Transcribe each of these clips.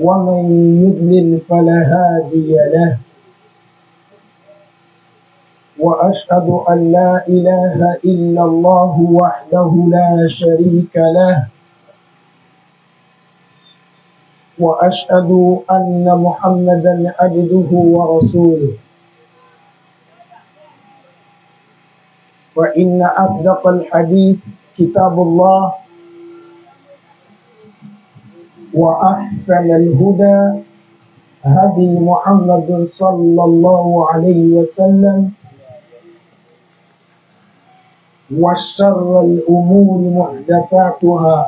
ومن يضلل فلا هادي له واشهد ان لا اله الا الله وحده لا شريك له واشهد ان محمدا عبده ورسوله وان اصدق الحديث كتاب الله وأحسن الهدى هدي محمد صلى الله عليه وسلم وشر الأمور محدثاتها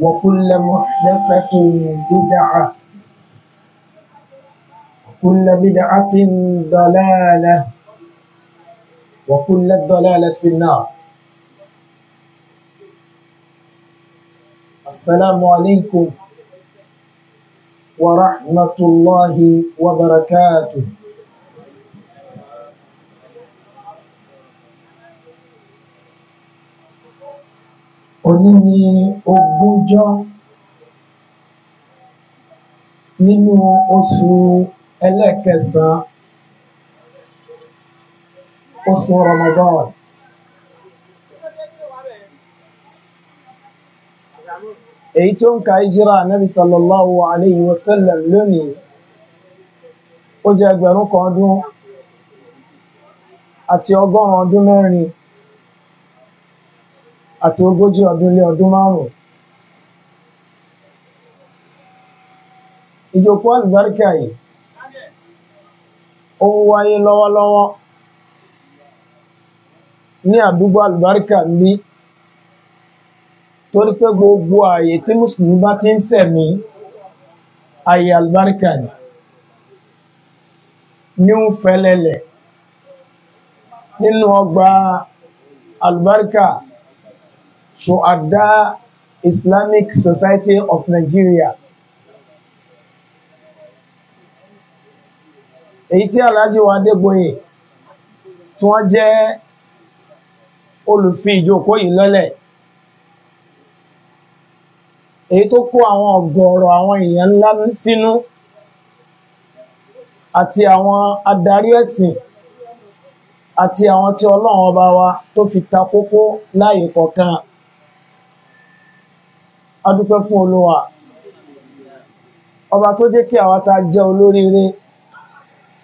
وكل محدثة بدعة وكل بدعة ضلالة وكل الضلالة في النار السلام عليكم ورحمة الله وبركاته òní ni ogúnjọ́ nínú oṣù ẹlẹ́kẹsàn-án oṣù Ramadan èyí tó ń ka ìjírà anábì sallallahu alayhi wa sallam lónìí ó jẹ́ ẹgbẹ̀rún kan ọdún àti ọgọ́rùn ọdún mẹ́rin àti ogójì ọdún lé ọdún márùn ìjókòó àlùbáríkà yìí ó ń wáyé lọ́wọ́lọ́wọ́ ní àdúgbò àlùbáríkà níbí torí pé gbogbo ààyè tí mùsùlùmí bá ti ń sẹ̀mí ààyè àlùbáríkà ni ní ń fẹlẹ̀lẹ̀ nínú ọgbà àlùbáríkà ṣùhàdá Islamic Society of Nigeria èyí tí Alhaji wa Adégbóyè tí wọ́n jẹ́ olùfi ìjókòó yìí lọ́lẹ̀ èyí tó kó àwọn ọ̀gọ̀ọ̀rọ̀ àwọn èèyàn ńlá sínú àti àwọn adarí ẹ̀sìn àti àwọn tí ọlọ́run ọba wa tó fi ta kókó láàyè kọ̀ọ̀kan a dúpẹ́ fún olúwa ọba tó jẹ́ kí àwa ta jẹ́ olóríire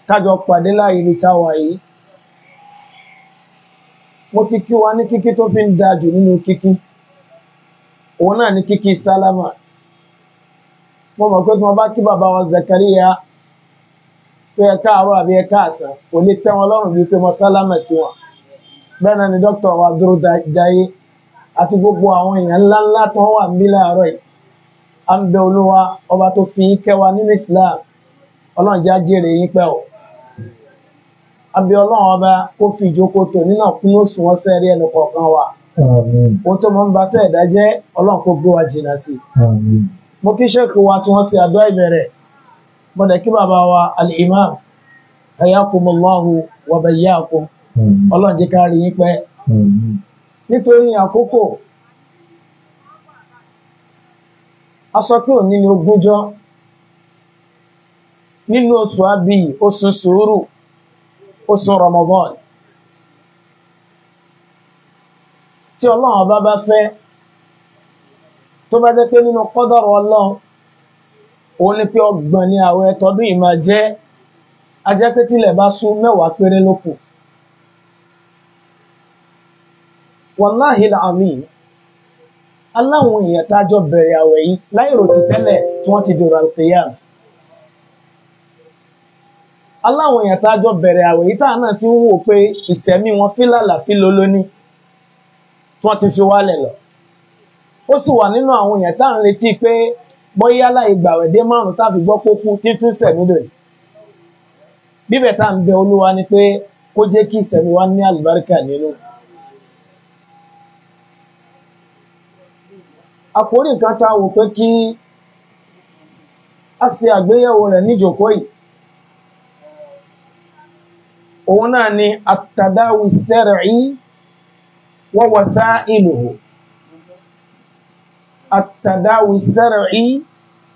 kájọ pàdé láàyè ibi táwa yìí mo ti kí wa ní kíkí tó fi ń da jù nínú kíkí òun náà ní kíkí sálámà mo mọ̀ pé tí wọ́n bá kí bàbá wa Zakariya pé ẹ káàárọ̀ àbí ẹ káàsán kò ní tẹ́ wọn lọ́rùn bíi pé mo sálámà sí wọn bẹ́ẹ̀ náà ni dókítà wa dúró jayé àti gbogbo àwọn èèyàn ńláńlá tó wà ń bí láàárọ̀ yìí à ń bẹ olúwa ọba tó fi yín kẹwàá nínú Islam ọlọ́run já jèrè yín pẹ́ o àbí ọlọ́run ọba kó fi ìjókòó tò nínú àkúnú òṣùwọ̀n sẹ́ẹ̀rí ẹnì kọ̀ọ̀kan wa. wọn tó mọ ń bá sẹ́ ẹ̀dá si. ọlọ́run kó gbé wa jìnnà sí i mo kí ṣẹ́ẹ̀kì wa tí wọ́n ti àdúrà ìbẹ̀rẹ̀ mo kí bàbá wa al'imam imam hayyakumullahu tí ọlọ́run ọba bá fẹ́ tó bá jẹ́ pé nínú kọ́dọ̀rọ̀ ọlọ́run òun ni pé ọgbọ̀n ni àwẹ̀ tọdún yìí máa jẹ́ ajẹ́ pé tílẹ̀ bá sún mẹ́wàá péré ló kù. wàláhì làmì aláwọn èèyàn tájọ bẹ̀rẹ̀ àwẹ̀ yìí láìrò ti tẹ́lẹ̀ tí wọ́n ti dèrò àlùkìyà aláwọn èèyàn tájọ bẹ̀rẹ̀ àwẹ̀ yìí táà náà ti ń wò pé ìsẹ̀mí wọn fílàlà fílólóní. wọ́n ti fi wálẹ̀ lọ. ó sì wà nínú àwọn èèyàn tá à ń retí pé bóyá láì gbàwẹ̀dé márùn táfi gbọ́ pé kú títún sẹ̀mí tá à ń bẹ olúwa ni pé kó jẹ́ kí wa ní àlùbáríkà nínú. ووسائله التداوي الشرعي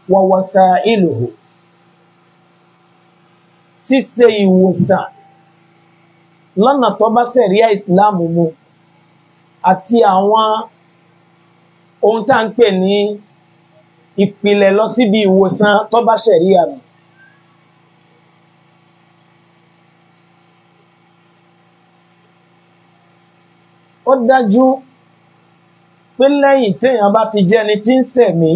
ووسائله ṣíṣe ìwòsàn lọ́nà tó bá ṣẹ̀ríà islam mu àti àwọn ohun tá ń pè ní ìpìlẹ̀ lọ síbi ìwòsàn tó bá ṣẹ̀ríà mu ó dájú pé lẹ́yìn téèyàn bá ti jẹ́ni tí ń sẹ̀mí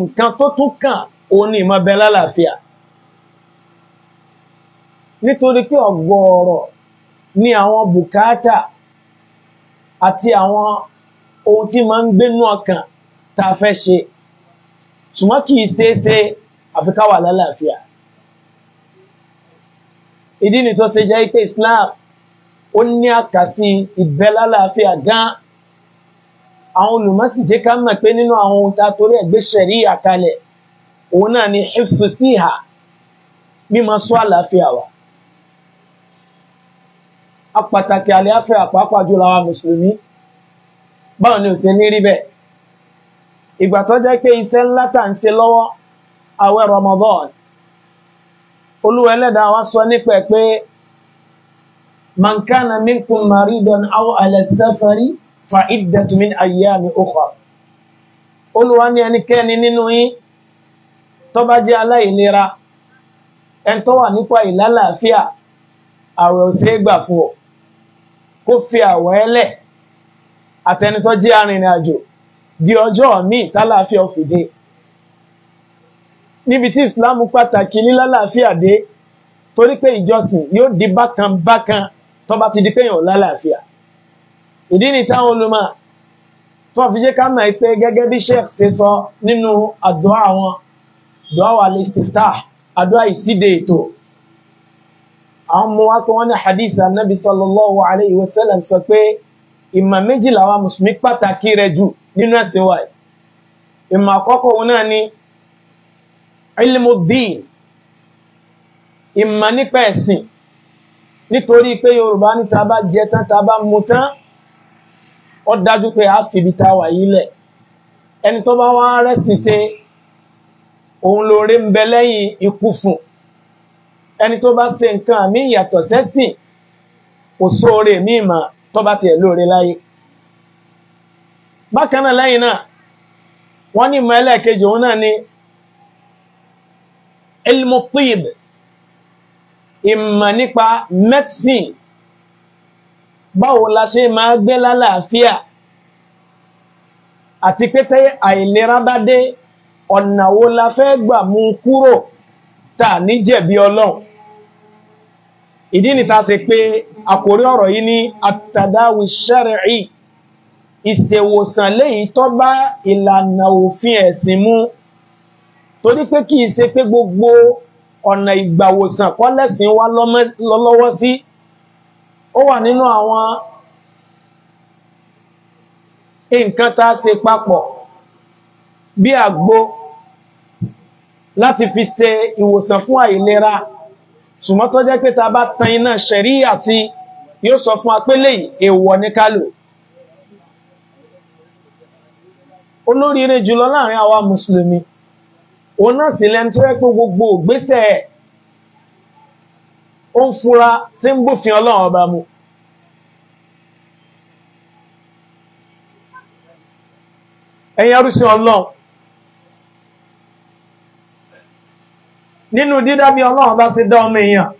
nǹkan tó tún kàn òun ni ìmọ̀ bẹ lálàáfíà nítorí pé ọ̀gọ̀ọ̀rọ̀ ni àwọn bùkátà àti àwọn ohun tí máa ń gbénú ọkàn tá a fẹ́ ṣe ṣùgbọ́n kì í ṣeé ṣe àfi lálàáfíà ìdí ni tó ṣe jẹ́ pé Islam ó kasi àkàsí ìbẹ́lálàáfíà gan àwọn olùmọ́sìdé ká mọ̀ pé nínú àwọn ohun ta torí ẹ̀gbẹ́ ṣẹ̀rí àkalẹ̀ òun náà ni hifsu síhà mímọ sọ àlàáfíà wa a pàtàkì àlàáfíà pàápàá jùlọ àwọn mùsùlùmí báwo ni ò ṣe ní rí bẹ́ẹ̀ ìgbà tó jẹ́ pé iṣẹ́ ńlá tà ń ṣe lọ́wọ́ àwẹ̀ Ramadan olúwa ẹlẹ́dàá wa sọ man kana minkum maridan aw ala safari fa iddatu min ayyami ukhra Olúwa ní ẹnikẹ́ni nínú yín tó bá jẹ́ aláìlera en tó wà nípa ìlàlàáfíà àwẹ̀ ò ṣeé gbà fún ọ kó fi àwẹ̀ ẹlẹ̀ àtẹni tó jẹ́ arìnrìn àjò di ọjọ́ míì tálàáfíà òfìdí níbi tí Islam pàtàkì lílàlàáfíà dé torí pé ìjọsìn yóò di bákan bákan tó bá ti di péyàn lálàáfíà ìdí ni táwọn olùmọ̀ tó fi jẹ́ ká mọ̀ pé gẹ́gẹ́ bí sheikh ṣe sọ nínú àdúà àwọn àdúà wà lè istiftah àdúà ìsíde ètò àwọn ọmọ wa tó wọ́n ní hadith anabi sallallahu alayhi wa sallam sọ pé ìmọ̀ méjì làwọn mùsùlùmí pàtàkì rẹ̀ jù nínú ẹ̀sìn wa ìmọ̀ àkọ́kọ́ òun náà ni ilmu din ìmọ̀ nípa ẹ̀sìn nítorí pé yorùbá ní ta bá jẹ tán ta bá mu tán ó dájú pé a fìbí ta wà yí lẹ̀ ẹni tó bá wá rẹ́sìn ṣe òun lóore ń bẹ lẹ́yìn ikú fún ẹni tó bá ṣe nǹkan àmì ìyàtọ̀ sẹ́sìn kò sóore míì mà tó bá tiẹ̀ lóore láyé bákan náà lẹ́yìn náà wọ́n ní ìmọ̀ ẹlẹ́ẹ̀kejì òun náà ni ilmu tib ìmọ̀ nípa medicine báwo la ṣe máa gbé lálàáfíà àti pété àìlera bá dé ọ̀nà wo la fẹ́ gbà mú kúrò tà ní jẹ̀bi ọlọ́run ìdí nìta ṣe pé àkórí ọ̀rọ̀ yìí ní àtàdáwì ṣẹ́rẹ̀ì ìṣèwòsàn léyìí tó bá ìlànà òfin ẹ̀sìn mu torí pé kìí ṣe pé gbogbo ọ̀nà ìgbàwòsàn kọ́lẹ̀sìn wá lọ́lọ́wọ́ sí ó wà nínú àwọn nǹkan tá ṣe papọ̀ bí àgbo láti fi ṣe ìwòsàn fún àìlera ṣùgbọ́n tó jẹ́ pé ta bá tan iná ṣẹ̀ríyà sí yóò sọ fún apélé èèwọ̀ ní kálò olóríire jùlọ láàrin àwa mùsùlùmí òun náà sì lẹ́nu tó yẹ pé gbogbo ògbésẹ̀ ó ń fura tí ń bófin ọlọ́run ọba mu. ẹ̀yin arúsí ọlọ́run nínú dídá bí ọlọ́run bá ti dá ọmọ èèyàn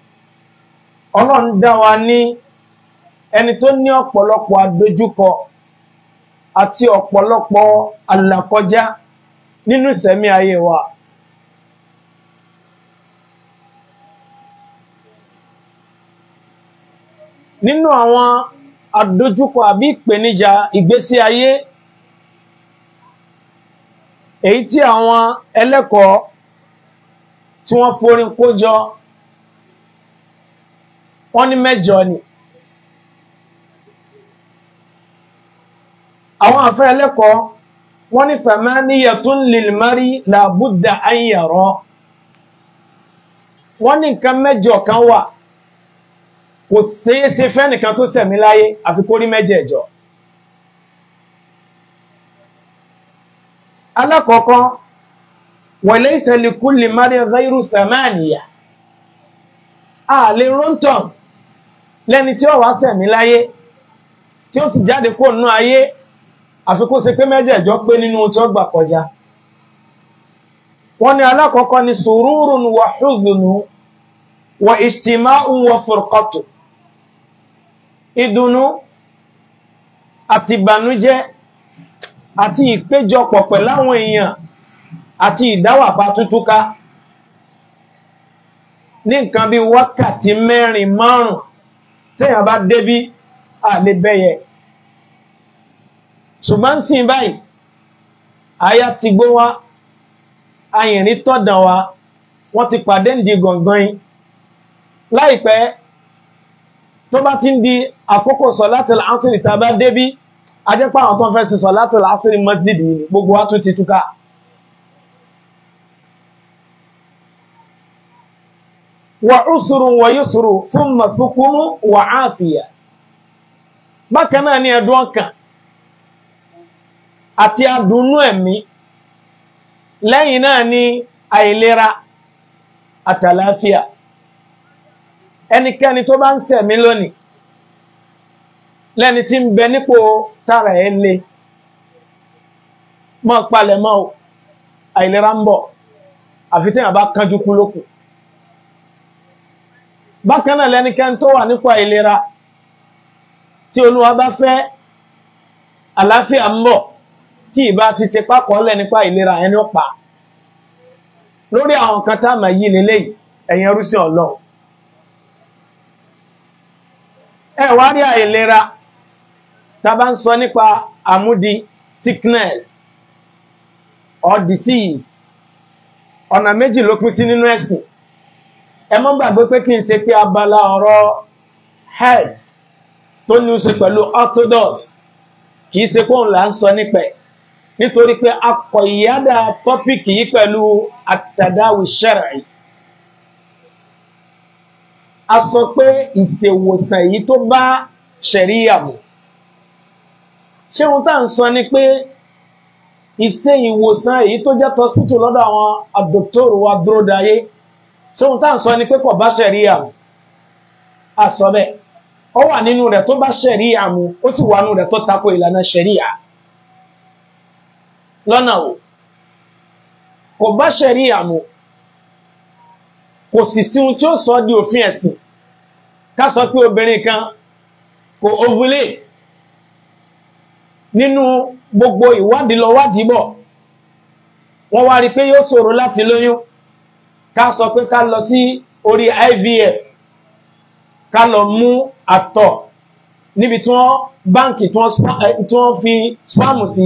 ọlọ́run dá wa ní ẹni tó ní ọ̀pọ̀lọpọ̀ àdojúkọ àti ọ̀pọ̀lọpọ̀ àlàkọjá nínú ìṣẹ̀mí ayé wa. nínú àwọn àdójúkọ àbí ìpèníjà ìgbésí ayé èyí tí àwọn ẹlẹ́kọ̀ọ́ tí wọ́n forin kójọ wọ́n ní mẹ́jọ ni àwọn àfẹ́ ẹlẹ́kọ̀ọ́ wọ́n ní famaniyatun lilmari labudda an yara wọ́n ní nǹkan mẹ́jọ kan wà kò ṣeé ṣe fẹ́nìkan tó sẹ̀mí láyé àfi kó rí mẹ́jẹ̀ẹ̀jọ alákọ̀ọ́kọ́ wọ̀lé ìṣẹ̀lẹ̀ kú lè má rí ghairu samaniya a lè rọ́ntàn lẹ́ni tí ó wá sẹ̀mí láyé tí ó sì jáde kó nú ayé àfi kó ṣe pé mẹ́jẹ̀ẹ̀jọ pé nínú tí ó gbà kọjá wọ́n ní alákọ̀ọ́kọ́ ni sùúrùn wa húzùnù wa ìṣtìmáà wa furqatu ìdùnnú àti ìbànújẹ́ àti ìpéjọpọ̀ pẹ̀láwọn èèyàn àti ìdáwàpá tútúká ní nǹkan bí wákàtí mẹ́rin márùn téèyàn bá débí àlebẹ́yẹ ṣùgbọ́n sí báyìí aya ti gbó wá ayìnrín tọ̀dàn wa wọ́n ti pàdé ǹdí gọ̀ngàn yìí láìpẹ́ tó bá ti ń di àkókò sọ̀látẹ̀lá ásìrì tàbá débí ajẹ́pá àwọn tó fẹ́ sí sọ̀látẹ̀lá ásìrì mọ́sídì ní gbogbo wa tún ti túká wà úsùrù wà yúsùrù fún mọ̀sùkúnú wà áàfìyà bákan náà ni ẹ̀dùn ọkàn àti adùnnú ẹ̀mí lẹ́yìn náà ni àìlera àtàlàáfíà ẹnikẹni tó bá ń sẹ̀mí lónìí lẹ́ni tí ń bẹ nípò tara ẹ̀ lé mọ́ palẹ̀ mọ́ àìlera ń bọ̀ àfi bá kánjú kú lókù bákan náà tó wà nípò àìlera tí olúwa bá fẹ́ àlàáfíà ń tí ìbá ti ṣe pákọ̀ àìlera ẹni lórí àwọn kan àmà ẹ wá rí àìlera tá bá ń sọ nípa àmúdi sickness or disease ọ̀nà méjì ló pín sí nínú ẹ̀sìn ẹ mọ́ gbàgbé pé kí n ṣe pé abala ọ̀rọ̀ health tó ní ṣe pẹ̀lú orthodox kìí ṣe kóhùn là ń sọ nípẹ̀ nítorí pé akọ̀ ìyádà tọ́pìkì yìí pẹ̀lú àtàdáwì ṣẹ̀rẹ̀ yìí a sọ pé ìṣèwòsàn èyí tó bá ṣẹ̀ríyà mu ṣé ohun tá à ń sọ ni pé ìṣe ìwòsàn èyí tó jẹ́ tọ́sítù lọ́dọ̀ àwọn àdòktóró wa dúró dayé ṣé ohun tá à ń sọ ni pé kò bá ṣẹ̀ríyà mu a sọ bẹ́ẹ̀ ó wà nínú rẹ̀ tó bá ṣẹ̀ríyà mu ó sì wà nínú rẹ̀ tó tako ìlànà ṣẹ̀ríyà lọ́nà o kò bá ṣẹ̀ríyà mu kò sì sí ohun tí ó sọ di òfin ẹ̀sìn ká sọ pé obìnrin kan kò ovulate nínú gbogbo ìwádìí lọ wádìí bọ̀ wọ́n wá rí pé yóò ṣòro láti lóyún ká sọ pé ká lọ sí orí IVF ká lọ mú àtọ̀ níbi tí wọ́n báǹkì tí wọ́n eh, fi spam sí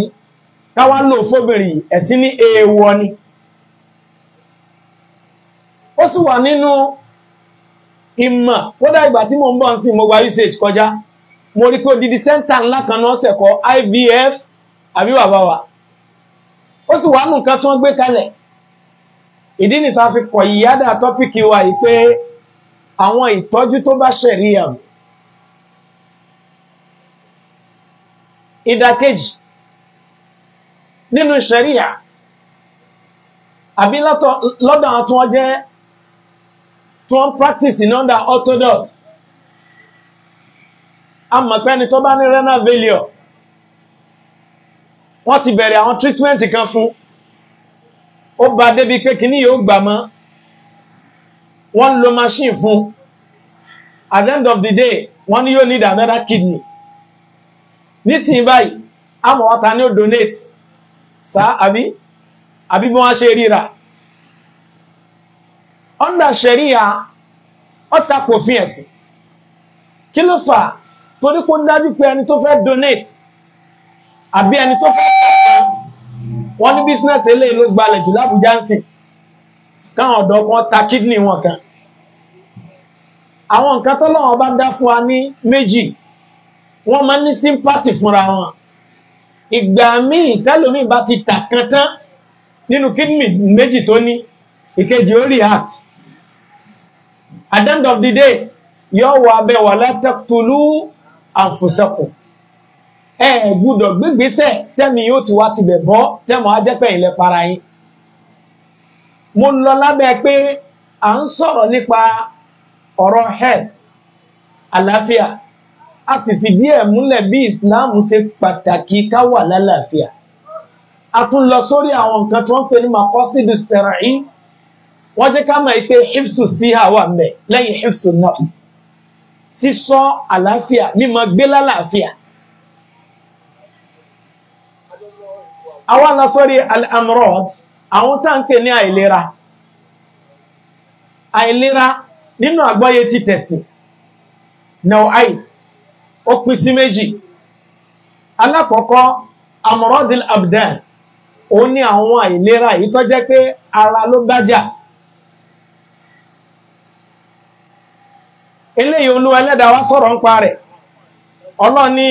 ká wá lò fóbìnrin ẹ̀sìn ní èèwọ̀ ni. Ewani ó sì wà nínú ìmọ̀ kódà ìgbà tí mo ń bọ̀ sí mo gba usage kọjá mo rí pé odidi sẹ́ńtà ńlá kan náà ṣẹ̀ kọ́ IVF àbí bàbá wa ó sì wà nù nǹkan tó ń gbé kalẹ̀ ìdí nìta fi kọ̀ ìyádà tọ́pìkì wa yìí pé àwọn ìtọ́jú tó bá ṣẹ̀rí àmì ìdàkejì nínú ṣẹ̀ríà àbí lọ́dọ̀ àwọn tí wọ́n jẹ́ tí wọ́n in under orthodox a mọ̀ pé ẹni tó bá ní renal failure wọ́n ti bẹ̀rẹ̀ àwọn treatment kan fún ó bá débi pé kíní yóò gbà mọ́ wọ́n lo machine fún at the end of the day wọ́n ní yóò need another kidney nísìnyí báyìí àmọ́ ọ̀tá ni ó donate Sa àbí àbí bí wọ́n á ṣe ríra under sharia ọta kò fi ẹ̀sìn kí ló fà torí kó dájú pé ẹni tó fẹ́ donate àbí ẹni tó fẹ́ wọ́n ní business eléyìí ló gbalẹ̀ jù lábújá ń sìn káwọn ọ̀dọ́ kan ta kidney wọn kan àwọn nǹkan tọ́lọ́wọ́n bá dá fún wa ní méjì wọ́n máa ń ní sympathy fúnra wọn ìgbà míì tẹ́lómi bá ti tà kan tán nínú kidney méjì tó ní ìkejì ó react at the end of the day yóò wà bẹ́ẹ̀ wà látẹ́kùlú àfùsẹ́kù ẹ gbúdọ̀ gbígbésẹ̀ tẹ́mi yóò ti wá tibẹ̀ bọ́ tẹ́mọ̀ á jẹ́ pẹ̀yìn lẹ para yín mo lọ lábẹ́ pé à ń sọ̀rọ̀ nípa ọ̀rọ̀ health àlàáfíà a sì fìdí ẹ̀ múlẹ̀ bí Islam ṣe pàtàkì ká wà lálàáfíà a tún lọ sórí àwọn nǹkan tí wọ́n ń pè ní makosidu sẹ̀rẹ̀ yìí wọ́n jẹ́ ká mọ̀ pé hifsu síhà wà mẹ́ lẹ́yìn hifsu nafs sísọ àlàáfíà mímọ gbé lálàáfíà àwọn alasọ́rí al-amrod àwọn tá ń pè ní àìlera àìlera nínú àgbọ́yé ti tẹ̀sìn náà àì ó pín sí méjì alákọ̀ọ́kọ́ amrodil abdan òun ni àwọn àìlera èyí tó pé ara ló bájà eléyìí olúwa ẹlẹ́dàá wa sọ̀rọ̀ ń pa rẹ̀ ọlọ́ni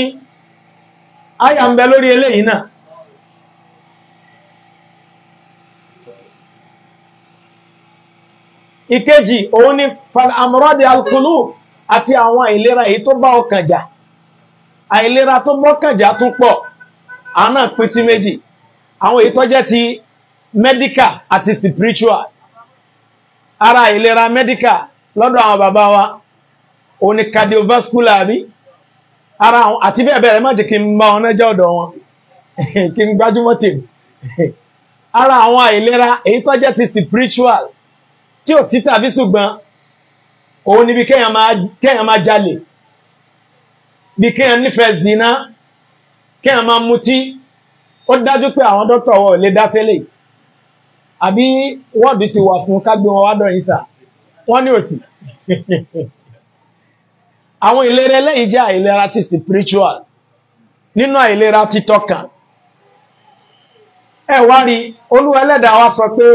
àyà ń bẹ lórí eléyìí náà ìkejì òun ni amúrọ́dì alkulu àti àwọn àìlera èyí tó bá ọkàn jà àìlera tó bọ́kàn jà tún pọ̀ àwọn náà pín sí méjì àwọn èyí tó jẹ́ ti medical àti spiritual ara àìlera medical lọ́dọ̀ àwọn bàbá wa òun ni cardiovascular àbí ara àwọn àti bẹ́ẹ̀ bẹ́ẹ̀ má jẹ́ kí n bá wọn náà jẹ́ ọ̀dọ̀ wọn kí n gbájúmọ́ tèmi ara àwọn àìlera èyí tó jẹ́ ti spiritual tí ò sí tàbí ṣùgbọ́n òun níbi kéèyàn máa jalè bí kéèyàn nífẹ̀ẹ́ zina kéèyàn máa mutí ó dájú pé àwọn dókítà wọn ò lè dá sílẹ̀ àbí wọ́ọ̀dù ti wà fún kágbé wọn wádọ̀ yìí sà wọ́n ní òsì àwọn ìlera eléyìí jẹ́ àìlera ti spiritual nínú àìlera títọ́kàn ẹ wá olúwa ẹlẹ́dàá wa sọ pé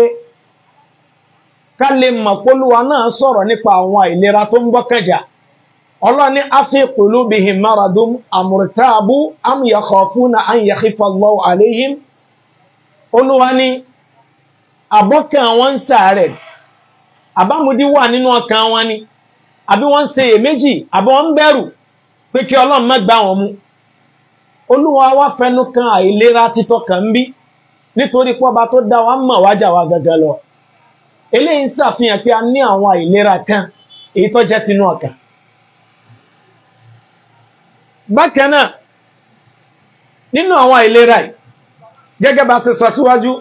ká lè mọ̀ pólúwa náà sọ̀rọ̀ nípa àwọn àìlera tó ń gbọ́kànjà ọlọ́run afi maradum amurtabu am yakhafuna na yakhifa Allahu alayhim olúwa ní àbọ́kàn wọn ń àbámudí wà wọn ni àbí wọ́n ń ṣe èméjì àbí wọ́n ń bẹ̀rù pé kí ọlọ́run má gbá wọn mú olúwa wá fẹnu kan àìlera títọ́ kan bí nítorí pọ́ba tó dá wa mọ̀ wájà wa gangan lọ eléyìí ń ṣàfihàn pé a ní àwọn àìlera kan èyí tó jẹ́ tinú ọkàn bákan náà nínú àwọn àìlera yìí gẹ́gẹ́ bá ti sọ síwájú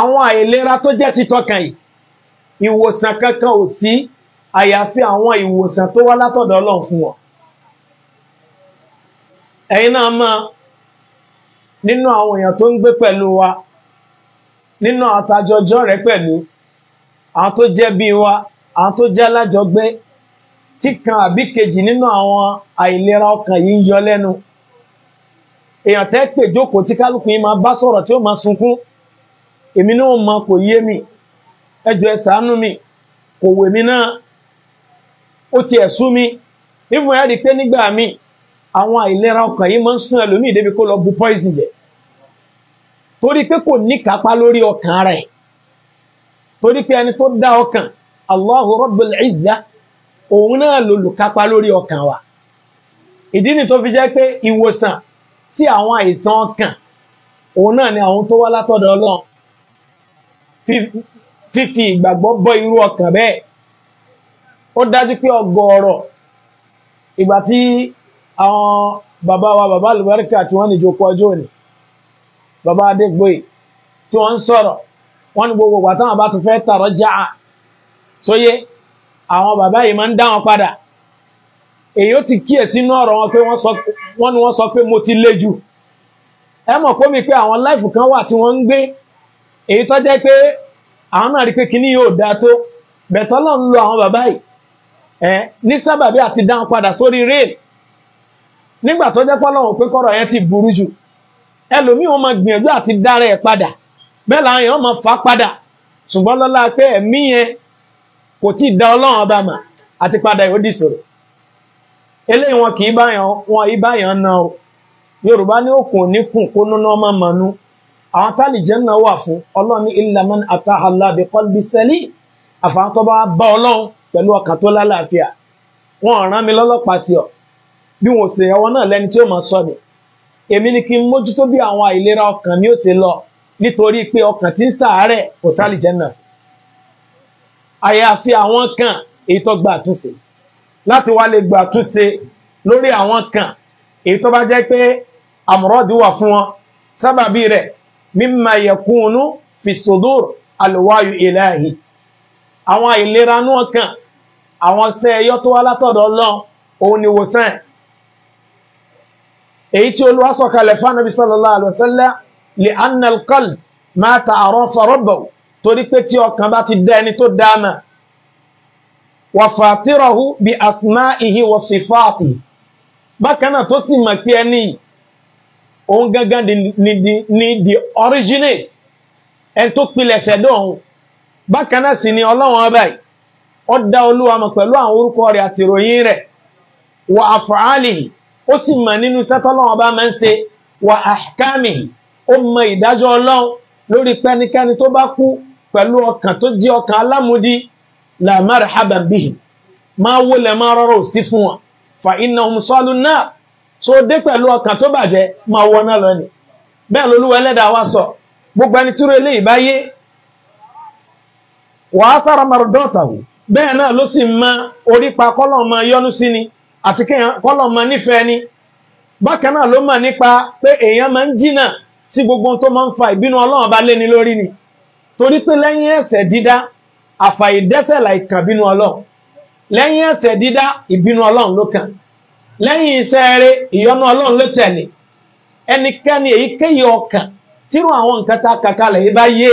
àwọn àìlera tó jẹ́ títọ́ kan yìí ìwòsàn kankan ò sí àyàfi àwọn ìwòsàn tó wá látọ̀dọ̀ Ọlọ́run fún wọn ẹ̀yin náà mọ̀ nínú àwọn èèyàn tó ń gbé pẹ̀lú wa nínú àtàjọjọ́ rẹ̀ pẹ̀lú àwọn tó jẹ́ bí wa àwọn tó jẹ́ alájọgbé tí kan àbí kejì nínú àwọn àìlera ọkàn yìí ń yọ lẹ́nu èèyàn tẹ́ pè jókòó tí kálukú yìí máa bá sọ̀rọ̀ tí ó máa sunkún èmi náà mọ̀ kò yé mi ẹjọ́ ẹ ṣàánú mi kò wè mí náà ó ti ẹ̀sùn mi ìfún ẹ̀rí pé nígbà mi àwọn àìlera ọkàn yìí máa ń sún ẹlòmíì débi kó lọ bu poison jẹ torí pé kò ní kápá lórí ọkàn rẹ̀ torí pé ẹni tó dá ọkàn Allahu Rabbul Izza òun náà lolùkápá lórí ọkàn wa ìdí ni tó fi jẹ́ pé ìwòsàn sí àwọn àìsàn ọkàn òun náà ni àwọn tó wá látọ̀dọ̀ Ọlọ́run fífi ìgbàgbọ́ bọ́ irú ọkàn bẹ́ẹ̀ ó dájú pé ọgọ́ọ̀rọ̀ ìgbà tí àwọn bàbá wa bàbá àlùbáríkà tí wọ́n ní ìjókòó ọjọ́ òní bàbá adégbòye tí wọ́n ń sọ̀rọ̀ wọ́n ní gbogbo ìgbà táwọn bá tún fẹ́ tààrọ̀ já a sóyé àwọn bàbá yìí máa ń dá wọn padà èyí ó ti kíyè sínú ọ̀rọ̀ wọn pé wọ́n ní wọ́n sọ pé mo ti le jù ẹ mọ̀ kó pé àwọn láìfù kan wà tí wọ́n ń gbé èyí tó jẹ́ pé àwọn náà rí pé kínní yóò da tó bẹ̀tọ́ náà ń lo àwọn bàbá yìí ẹ ní sábàbí àti dáhùn padà sórí rail nígbà tó jẹ́ pọ́lọ́hùn pé kọ́rọ̀ yẹn ti burú jù ẹlòmíì wọn máa gbìyànjú àti dára ẹ̀ padà bẹ́ẹ̀ làwọn èèyàn máa fà padà ṣùgbọ́n lọ́la pé ẹ̀mí yẹn kò tí ì da ọlọ́run ọba mà àti padà yóò dì sòrò eléyìí wọn kì í báyàn wọn ì báyàn náà o Yorùbá ní òkun ò ní kùn kó nínú má mọ̀nú àwọn tálì jẹ́nà wà fún ọlọ́run ní illa man ataha Allah bi qalbi salim àfàwọn tó bá bá ọlọ́run pẹ̀lú ọkàn tó lálàáfíà wọn rán mi lọ́lọ́pàá sí ọ bí wọn ṣe ẹwọ náà lẹni tí ó máa sọ ni èmi ni kí n mójútó bí àwọn àìlera ọkàn mi ó ṣe lọ nítorí pé ọkàn tí ń ṣàárẹ̀ kò sálì jẹ́nà fún àyàfi àwọn kan èyí tó gba àtúnṣe láti wá lè gba àtúnṣe lórí àwọn kan èyí tó bá jẹ́ pé àmúrọ́dì wà fún wọn sábàbí rẹ̀ mímà yẹkúnú fi sòdúr alùwáyù ìlàhì àwọn àìlera inú ọkàn àwọn sẹ ẹyọ tó wá látọ̀dọ̀ Ọlọ́run òun ni wòsàn èyí tí Olúwa sọ̀kalẹ̀ fánàbí sallallahu alaihi wasallam li anna al-qalb ma ta'arafa rabbahu torí pé tí ọkàn bá ti dá ẹni tó dáama wà fàtírọ̀hù bí asma'ihi wa sifatihi bákan náà tó sì mọ̀ pé ẹni yìí òun gangan ni, ni, ni the originate ẹn tó pilẹ̀sẹ̀ dọ̀hún bákan náà sì ni ọlọ́run ọba yìí ó dá olúwa mọ̀ pẹ̀lú àwọn orúkọ rẹ̀ àti ìròyìn rẹ̀ wà àfààlìhì ó sì mọ̀ nínú iṣẹ́ tọ́lọ́run máa ń ṣe wà àkàmìhì ó mọ ìdájọ́ ọlọ́run lórí pẹ́nikẹ́ni tó bá kú pẹ̀lú ọkàn tó jẹ́ ọkàn alámúdí la marhaban máa wọlé máa rọrọ òsì fún wọn fa innahum salun nar so dé pẹ̀lú ọkàn tó bàjẹ́ máa wọná lọ ni bẹ́ẹ̀ lolúwa ẹlẹ́dàá wa sọ gbogbo ẹni túrò eléyìí bá yé wàá sára mọ̀rọ̀dọ́ta wò bẹ́ẹ̀ náà ló sì mọ orípa kọ́lọ́mọ yọ́nú sí ni àti kọ́lọ́mọ nífẹ̀ẹ́ ni bákan náà ló mọ̀ nípa pé èèyàn máa ń jìnà sí gbogbo tó máa ń fa ìbínú ọlọ́run bá lé ni lórí ni torí pé lẹ́yìn ẹ̀ṣẹ̀ dídá àfàìdẹ́ṣẹ̀ láìkàn ìbínú ọlọ́run lẹ́yìn ẹ̀ṣẹ̀ dídá ìbínú ọlọ́run ló kàn lẹ́yìn iṣẹ́ rere ìyọ́nú ọlọ́run ló tẹ̀lé ẹnikẹ́ni èyíkéyìí ọkàn tírú àwọn nǹkan tá a kàkalẹ̀ yìí bá yé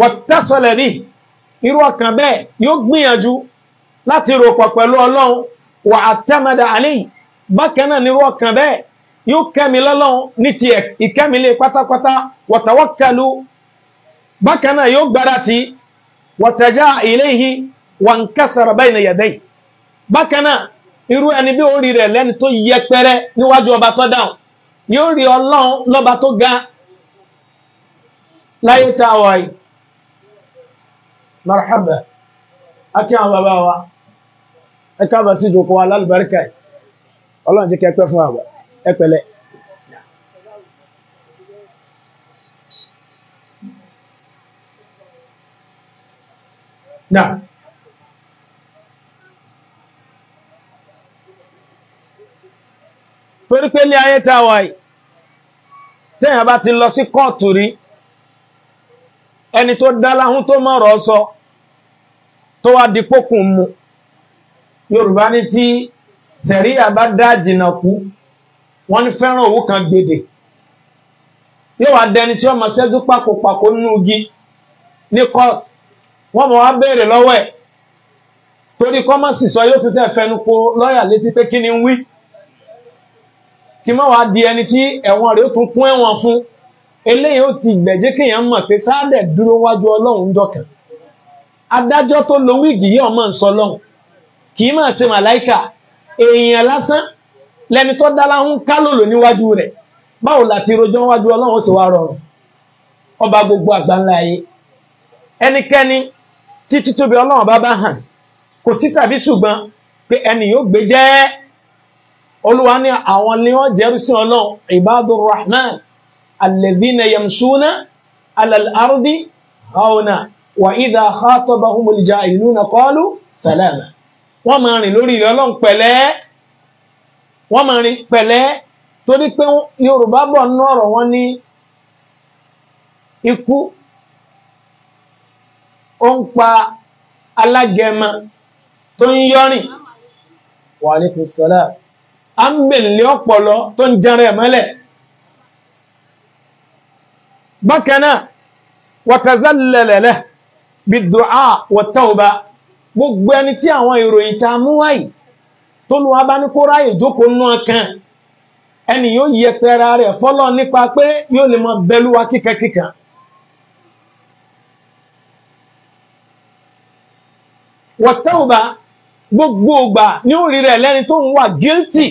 wọ́tẹ́sọ̀lẹ̀ rí irú ọkàn bẹ́ẹ̀ yóò gbìyànjú láti ròpọ̀ pẹ̀lú ọlọ́run wà á tẹ́mẹ́dà àléyìn bákan náà nírú ọkàn bẹ́ẹ̀ yóò kẹ́mi lọ́lọ́run ní tiẹ̀ ìkẹ́milé pátápátá wọ̀tàwọ́kẹ́lu bákan náà yóò gbára ti wọ̀tẹ̀já ìléyìí wọ̀nkẹ́sọ̀rọ̀ bẹ́ẹ̀ ni yẹ̀dẹ́yìí bákan náà irú ẹni bí ó rí rẹ̀ lẹ́ni tó yẹpẹrẹ níwájú ọba tó dáhùn yóò rí ọlọ́run lọ́ba tó ga láyé tá a wà yìí marhaba akí àwọn bàbá wa ẹ káàbà sí ìjòkó wa lálùbáríkà yìí ọlọ́run ti kẹ́pẹ́ fún àwa ẹ pẹ̀lẹ́. Now. torí pé ní ayé tá a wà yìí téèyàn bá ti lọ sí kóòtù rí ẹni tó dáláhùn tó mọ̀rọ̀ sọ tó wá di pókùn mu yorùbá ní tí sẹ̀ríyà bá dá jìnnà kú wọ́n ní fẹ́ràn òwú kan gbèdè yóò wá dẹni tí wọ́n máa nínú igi sọ yóò tẹ̀ fẹnu lọ́ọ̀yà létí pé kí má wá di ẹni tí ẹ̀wọ̀n rẹ̀ ó tún kún ẹ̀wọ̀n fún eléyìí ó ti gbẹ̀jẹ́ kéèyàn mọ̀ pé sáádẹ̀ dúró wájú ọlọ́run jọkàn adájọ́ tó lo wíìgì yìí ọmọ nsọ lọ́hùn kì í máa ṣe màláìkà èèyàn lásán lẹni tó dára ń kálòlò níwájú rẹ̀ báwo láti rojọ́ wájú ọlọ́run sì wá rọrùn ọba gbogbo àgbáńlá ayé ẹnikẹ́ni tí títóbi ọlọ́run bá bá hàn kò sí tàbí ṣùgbọ́n pé ẹni yóò gbé jẹ́ olúwa ní àwọn ni wọ́n jẹ́rú sí ọlọ́run ibadur rahman alladhina yamshuna alal ardi hauna wa idha khatabahumul jahiluna qalu salama wọ́n máa rìn lórí ilẹ̀ ọlọ́run pẹ̀lẹ́ wọ́n máa rìn pẹ̀lẹ́ torí pé yorùbá bọ̀ nínú ọ̀rọ̀ wọn ní ikú ó ń pa alágẹmọ tó ń yọrìn wa alaikum a ń gbèlè ọpọlọ tó ń jẹrẹ ẹ̀ mọ́lẹ̀ bákan náà wàtàzálẹ̀lẹ̀lẹ̀ bí dùá wàtàwùbá gbogbo ẹni tí àwọn ìròyìn ta mú wáyì tó lu abánikóra ìjókòó náà kan ẹni yóò yẹpẹra rẹ̀ fọ́lọ́ nípa pé yóò lè mọ bẹ́lúwa kíkẹ́kíkẹ́ wàtàwùbá gbogbo ògbà ní orí rẹ̀ lẹ́ni tó ń wà guilty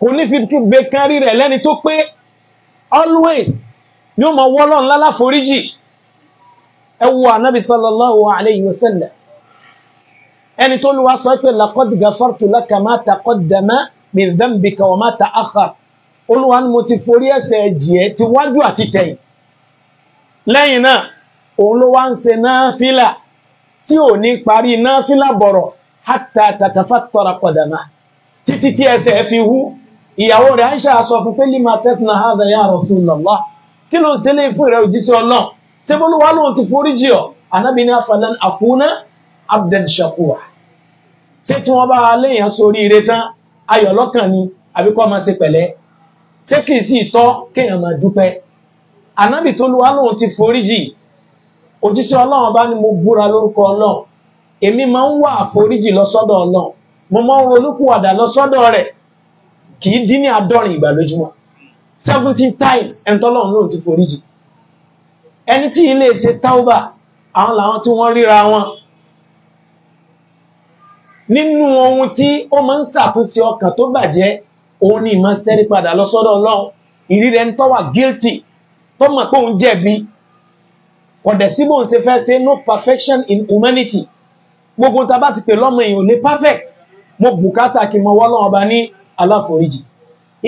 kò ní fi gbé kan rí rẹ̀ lẹ́ni tó pé always ni ó mọ wọ́lọ́ ńlá láforíjì ẹ wo ànábì sallallahu alayhi wa sallam ẹni tó lù wá sọ pé laqad ghafartu laka ma taqaddama min dhanbika wa ma ta'akhkhar olúwa ni mo ti forí ẹ̀ṣẹ̀ jì ti wájú àti tẹ̀yìn lẹ́yìn náà òun ló wá ń ṣe náfìlà tí ò ní parí náfìlà bọ̀rọ̀ hatta tatafattara qadama títí tí ẹsẹ̀ fi wú ìyàwó rẹ̀ Aisha sọ fún pé lima tẹ́tìnà hàdà ya Rasulullah kí ló ń ṣe fún ìrẹ́ òjíṣẹ́ Ọlọ́run ṣé lóun ti forí anábì ní akuna Shakur, tí wọ́n bá sórí ire tán ṣe pẹ̀lẹ́ ṣé kì í sì tọ́ kéèyàn máa dúpẹ́ anábì tó lu lóun ti forí jì Ọlọ́run bá ní mo búra lórúkọ èmi máa ń mo kì í dín ní àádọ́rin ìgbà lójúmọ́ seventeen times ẹni tọ́lọ́run lòun ti foríjì ẹni tí ilé ṣe táwọ́bà àwọn làwọn tí wọ́n ríra wọn nínú ohun tí ó máa ń ṣàkóso ọkàn tó bàjẹ́ òun ni ìmọ̀ sẹ́rí padà lọ sọ́dọ̀ ọlọ́run ìrírẹ́ ń tọ́wà guilty tó mọ̀ pé òun jẹ̀bi kọ̀dẹ̀ sí bóun ṣe fẹ́ ṣe no perfection in humanity gbogbo ta bá ti pè lọ́mọ èèyàn ò lè perfect mo bùkátà kí n mọ wọ́lọ́wọ́n ọba ní aláforíjì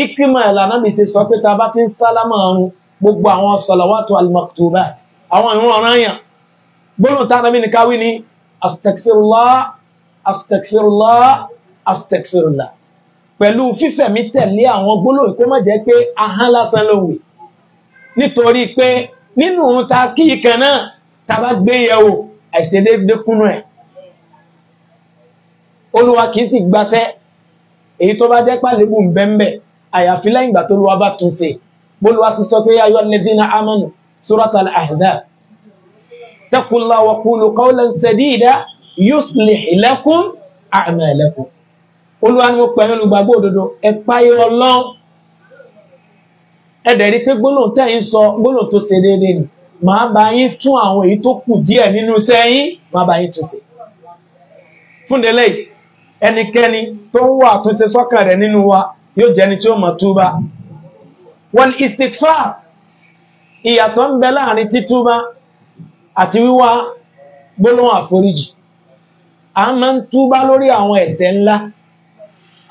ikrimọ̀ ìlànà mi ṣe sọ pé ta bá ti ń sálámà ọrùn gbogbo àwọn sọlọ̀wátò al-maktubat àwọn ìrún ọ̀rán yàn gbónà tá nàmí nìka wí ní astaghfirullah astaghfirullah astaghfirullah pẹ̀lú fífẹ̀mí tẹ̀lé àwọn gbónà kó má jẹ́ pé ahán lásán ló wè nítorí pé nínú òun ta kí ikan náà ta bá gbé yẹ̀wò àìṣedéédé kúnnú ẹ̀ olúwa kìí sì gbaṣẹ́ èyí tó bá jẹ́ pàlébù ń bẹ́ńbẹ́ àyàfi lẹ́yìn ìgbà tó lọ́wọ́ bá tún ṣe bólúwa sì sọ pé ayọ́ lẹ́dínà amánu suratul ahzab tẹ́kùnlá wa qulu qawlan sadida yuslih lakum a'malakum olúwa ni mo pẹ̀lú olùgbàgbọ́ òdodo ẹ páyé ọlọ́run ẹ̀dẹ̀ rí pé gbólóhùn tẹ́ ń sọ gbólóhùn tó ṣe déédéé ni màá bá yín tún àwọn èyí tó kù díẹ̀ nínú iṣẹ́ yín màá bá yín tún ṣe fúndélẹ́yìn ẹnikẹ́ni tó ń wà àtúnṣe sọ́kàn rẹ̀ nínú wa yóò jẹ́ ni tí ó mọ̀ túbá wal istighfar ìyàtọ̀ ń bẹ láàrin títúbá àti wíwá gbólóhùn àforíjì a máa ń túbá lórí àwọn ẹ̀ṣẹ̀ ńlá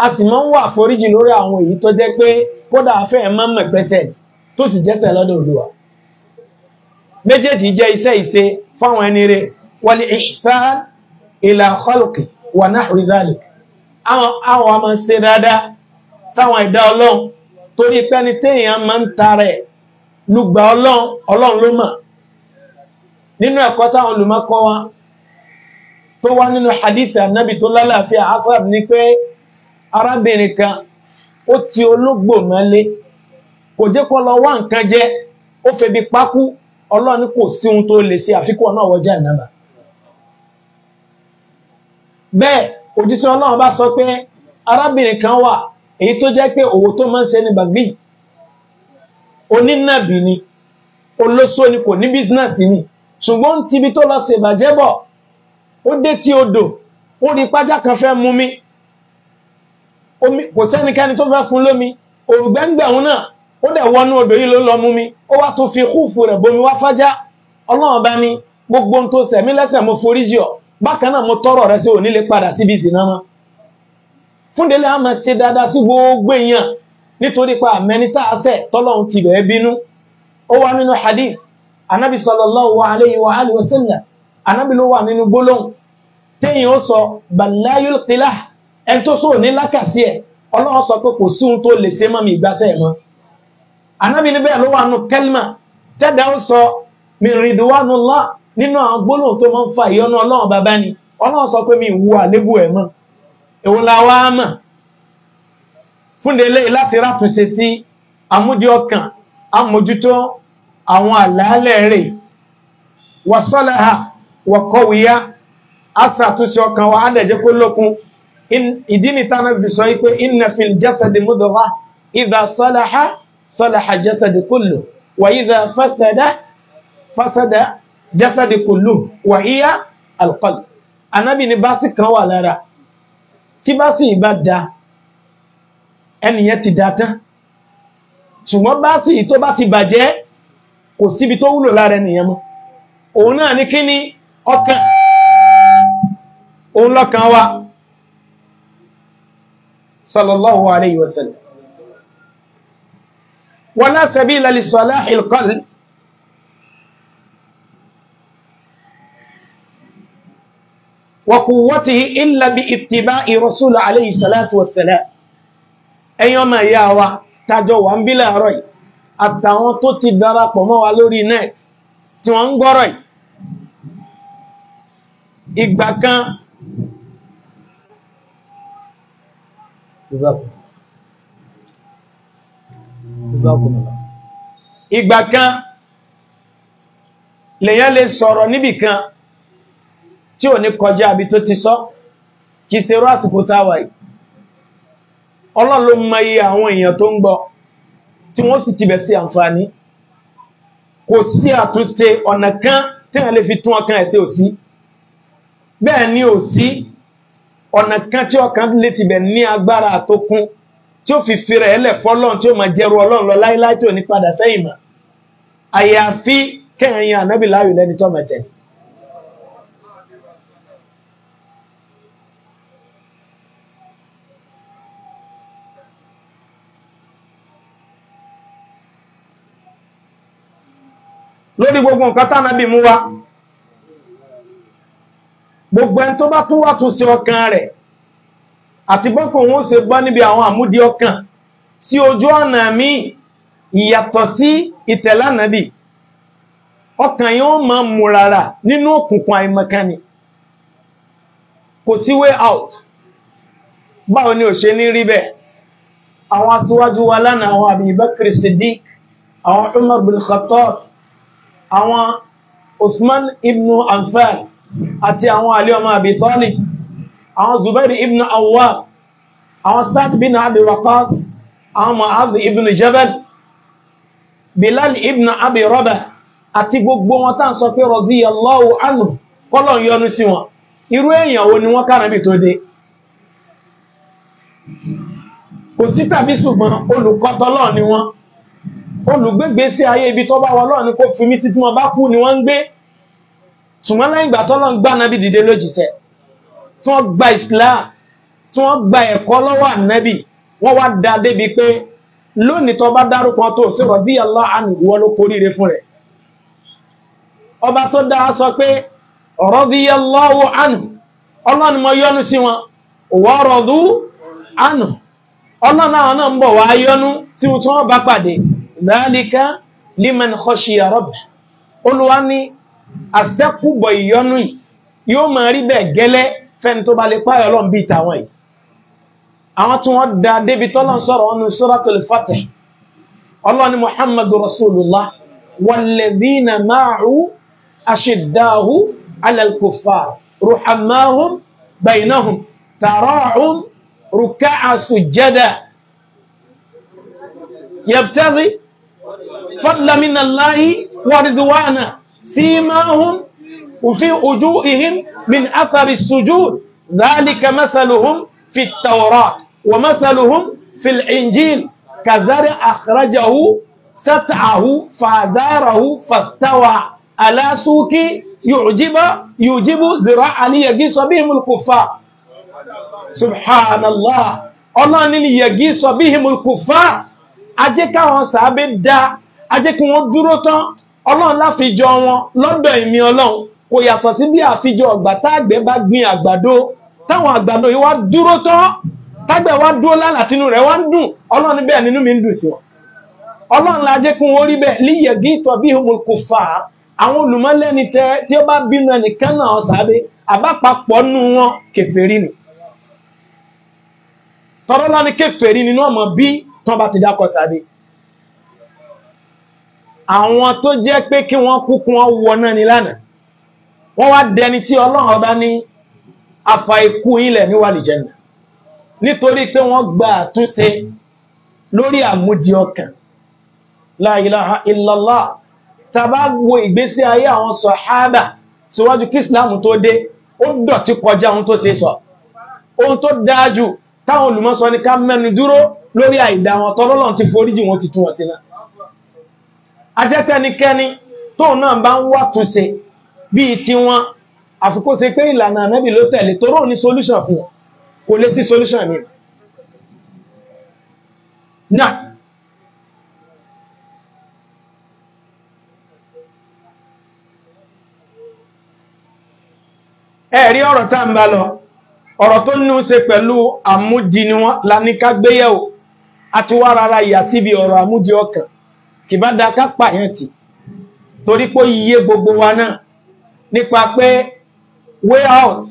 a sì máa ń wá àforíjì lórí àwọn èyí tó jẹ́ pé kódà afẹ́ ẹ̀ máa ń mẹ̀gbẹ́sẹ̀ tó sì jẹ́sẹ̀ lọ́dọ̀ Olúwa méjèèjì jẹ́ iṣẹ́ ìṣe fáwọn ẹni rẹ̀ wal ihsan ila khalqi wa nahwi dhalik àwọn ọmọ ṣe dáadáa sáwọn ẹ̀dá ọlọ́run torí pẹ́ni téèyàn máa ń ta rẹ̀ lùgbà ọlọ́run ọlọ́run ló mọ̀ nínú ẹ̀kọ́ táwọn olùmọ́kọ́ tó wá nínú hadith ànábì tó lálàáfíà afrab ni pé arábìnrin kan ó ti olóògbò mọ́lé kò jẹ́ kó lọ wá nǹkan ó febi pákú òjíṣẹ́ ọlọ́run bá sọ pé arábìnrin kan wà èyí tó jẹ́ pé òwò tó máa ń ṣe ní bàbí onínàbì ni olóṣó ni kò ní bísínàsì ni ṣùgbọ́n tíbi tó lọ ṣe ìbàjẹ́ bọ̀ ó dé tí odò ó rí pájá kan fẹ́ mú mi kò sẹ́nikẹ́ni tó fẹ́ fún lómi òrùgbẹ́ ń gbà òun náà ó dẹ̀ wọnú odò yìí ló lọ mú mi ó wá tún fi kúùfù rẹ̀ bomi wá fájá ọlọ́run bá ní gbogbo ohun tó ṣẹ̀mí lẹ́sẹ̀ mo foríjì ọ́ bákan náà mo tọrọ rẹ sí òní lè padà síbi ìsìná mọ́ fúndélé a máa ṣe dáadáa sí gbogbo èèyàn nítorí pa àmẹnitá àṣẹ tọ́lọ́hun ti bẹ̀ẹ́ bínú ó wá nínú hadith anábì sallallahu alayhi wa alihi wa sallam anábì ló wà nínú gbólóhùn téèyàn ó sọ balayul qilah ẹni tó sóò ní lákàsí ẹ ọlọ́run sọ pé kò sí ohun tó lè ṣe mọ́ mi ìgbàsẹ̀ mọ́ anábì níbẹ̀ ló wà nù kẹlma tẹ́dà ó sọ min ridwanullah nínú àwọn gbólóhùn tó máa ń fa ìyọ́nú ọlọ́run bàbá ni ọlọ́run sọ pé mi ìwú àlébù ẹ̀ mọ́ èwo la wá mọ̀ fúndélé láti rátúnṣe sí amúdí ọkàn amójútó àwọn àlàálẹ̀ rẹ̀ wàsọ́láhà wàkọ̀wìyá àṣàtúnṣe ọkàn wa ádẹ̀jẹ́ kó lókun ìdí ni tánà fi sọ pé inna fil jasadi mudghah idha salaha salaha jasadi kullu wa idha fasada fasada jásàdì kùlù wà íyá alkọlù anábì ní bá sì kan wà lára tí bá sì bá da ẹnìyẹn ti da tán ṣùgbọ́n bá sì tó bá ti bàjẹ́ kò síbi tó wúlò lára ẹnìyẹn mọ́ òun náà ní kí ni ọkàn òun lọ́kàn wa sallallahu alayhi wa sallam wala sabila li salahil qalbi وقوته إلا باتباع رسول عليه الصلاة والسلام أيما يا وا تجوا بلا روي àtàwọn tó ti darapọ̀ mọ́ wa lórí net tí wọ́n ń gbọ́rọ̀ yìí ìgbà kan ìgbà kan lèyàn lè sọ̀rọ̀ níbì kan tí ò ní kọjá àbí tó ti sọ kì í ṣe irú àsìkò táwà yìí ọlọ́run ló mọ iye àwọn èèyàn tó ń gbọ́ tí wọ́n sì tibẹ̀ sí àǹfààní kò sí àtúnṣe ọ̀nà kan tí wọ́n lè fi tún ọkàn ẹ̀ sí òsí bẹ́ẹ̀ ni òsí ọ̀nà kan tí ọkàn lè tibẹ̀ ní agbára àtòkun tí ó fi fira ẹlẹ̀ fọ́lọ́n tí ó máa jẹrù ọlọ́run lọ láíláí tí ò ní padà sẹ́yìn mọ́ àyàfi kẹ́hìn ànábìláyò lẹ́ni tó máa lórí gbogbo nǹkan tánàbì mú wá gbogbo ẹni tó bá tún wá tún ṣe ọkàn rẹ̀ àti bọ́kùn wọn ṣe gbọ́ níbi àwọn àmúdí ọkàn sí ojú ọ̀nà mi ìyàtọ̀ sí ìtẹ̀lánàbì ọkàn yóò máa múrara nínú òkùnkùn àìmọ̀kánì kò sí way out báwo ni ò ṣe ní rí bẹ́ẹ̀ àwọn aṣíwájú wa lánàá àwọn Abubakar Siddiq àwọn Umar bin Khattab àwọn Usman ibn Affan àti àwọn Ali ọmọ Abi Talib àwọn Zubair ibn Awwam àwọn Sa'd bin Abi Waqqas àwọn Mu'adh ibn Jabal Bilal ibn Abi Rabah àti gbogbo wọn tá ń sọ pé radiyallahu anhu kọ́lọ̀ yọ́nú sí wọn irú èèyàn wo ni wọ́n ká Ànábì tó dé kò sí tàbí ṣùgbọ́n olùkọ́tọ́lọ́ ni wọ́n olùgbégbèsè ayé ibi tó bá wọ Ọlọ́run ni kó fi mí sí tí mo bá kú ni wọ́n ń gbé ṣùgbọ́n lẹ́yìn ìgbà gbà nábì dìde tí wọ́n gba Islam tí gba ẹ̀kọ́ lọ́wọ́ ànábì wọ́n wá da débi pé lónìí tó bá dárúkọ tó sí rọ̀bí Allah àni ìwọ ló koríire fún ọba tó dá sọ pé rọ̀bí Allah àni ọlọ́ni mo yọ́nú sí wọn wọ́rọ̀dú àni ọlọ́nà àwọn náà ń bọ̀ wá yọ́nú tí wọ́n bá pàdé dhalika liman khashiya rabbah olúwa ní àṣẹ́kùbọ̀ ìyọnú yìí yóò máa rí bẹ́ẹ̀ gẹ́lẹ́ fẹ́ni tó bá lè páyọ̀ ọlọ́run bíi tàwọn yìí àwọn tí wọ́n da débi tọ́lọ́n sọ̀rọ̀ ọ̀nù suratul fatih ọlọ́ni muhammadu rasulullah walladhina ma'ahu ashiddahu ala al-kuffar ruhamahum bainahum tarahum ruk'a sujada yabtaghi فضل من الله ورضوانا سيماهم وفي وجوههم من أثر السجود ذلك مثلهم في التوراة ومثلهم في الإنجيل كذر أخرجه سطعه فازاره فاستوى على سوك يعجب يجب ذراع يجيس بهم الكفار سبحان الله الله ní يجيس بهم الكفار bí himul ajẹ́ kí wọ́n dúró tán ọlọ́run láfijọ wọn lọ́dọ̀ ìmí ọlọ́run kò yàtọ̀ sí bí àfijọ ọ̀gbà táàgbẹ̀ bá gbin àgbàdo táwọn àgbàdo yìí wá dúró tán tágbẹ̀ wá dúró lánàá tinú rẹ̀ wá ń dùn ọlọ́run níbẹ̀ nínú mi ń dùn sí wọn ọlọ́run la jẹ́ kí wọ́n rí bẹ́ẹ̀ líyẹ̀gí ìtọ̀ bí humul kufa àwọn olùmọ́lẹ́ni tẹ́ tí ó bá bínú ẹnìkan náà sábẹ́ àbápapọ̀ nú wọn kèfèrí ni tọ́lọ́lá ni kèfèrí nínú ọmọ bí tán ti dákọ̀ sábẹ́ àwọn tó jẹ́ pé kí wọ́n kú kí wọ́n wọ náà ní lánàá wọ́n wá dẹni tí ọlọ́run ọba ní afa ikú ilẹ̀ níwàlì jẹ́nà nítorí pé wọ́n gba àtúnṣe lórí àmúdi ọkàn la ilaha illallah tàbá wo ìgbésí ayé àwọn sọ̀hábà síwájú kí islam tó dé ó dọ̀tí kọjá ohun tó ṣe sọ ohun tó dáa jù táwọn olùmọ́sọ ní ká mẹ́nu dúró lórí àìdá wọn tọ́lọ́lọ́n ti foríjì wọn ti tún wọn sí náà ajẹ́pẹ́nikẹ́ni tóun náà bá ń wá túnṣe bíi tiwọn àfikún ṣe pé ìlànà ànábì ló tẹ̀lé toró ní solution fún kò lè sí solution ni náà ẹ̀rí ọ̀rọ̀ tá ń bá lọ ọ̀rọ̀ tó ní ṣe pẹ̀lú àmúdi ni wọ́n laníkágbéyẹ̀wò àti wá rárá ìyà síbi ọ̀rọ̀ àmúdi ọkàn kì bá da ká pààyàn tì torí pé iye gbogbo wa náà nípa pé way out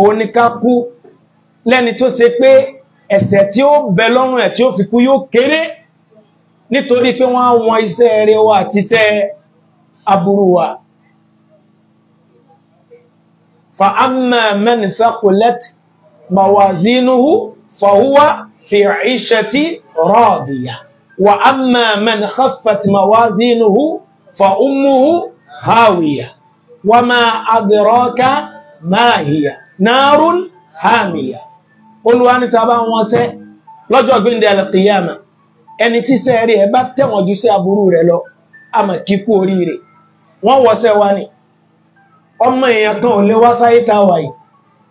òun ni ká kú lẹ́ni tó ṣe pé ẹ̀ṣẹ̀ tí ó bẹ lọ́rùn ẹ̀ tí ó fi kú yóò kéré nítorí pé wọ́n á wọn iṣẹ́ rere wa àti iṣẹ́ aburú wa fa amma man thaqulat mawazinuhu fa huwa fi 'ishati radiyah wa amma man khaffat mawazinuhu fa ummuhu hawiya wa ma adraka ma hiya narun hamiya Olúwa ni tá bá wọn ṣe lọ́jọ́ gbin de alqiyama ẹni tí ṣe rí ẹ bá tẹ̀ wọ́n jù ṣe aburú rẹ̀ lọ ama kíkú oríire wọ́n wọ ṣe wá ọmọ èèyàn kan ò lè wá sáyé tá wà yìí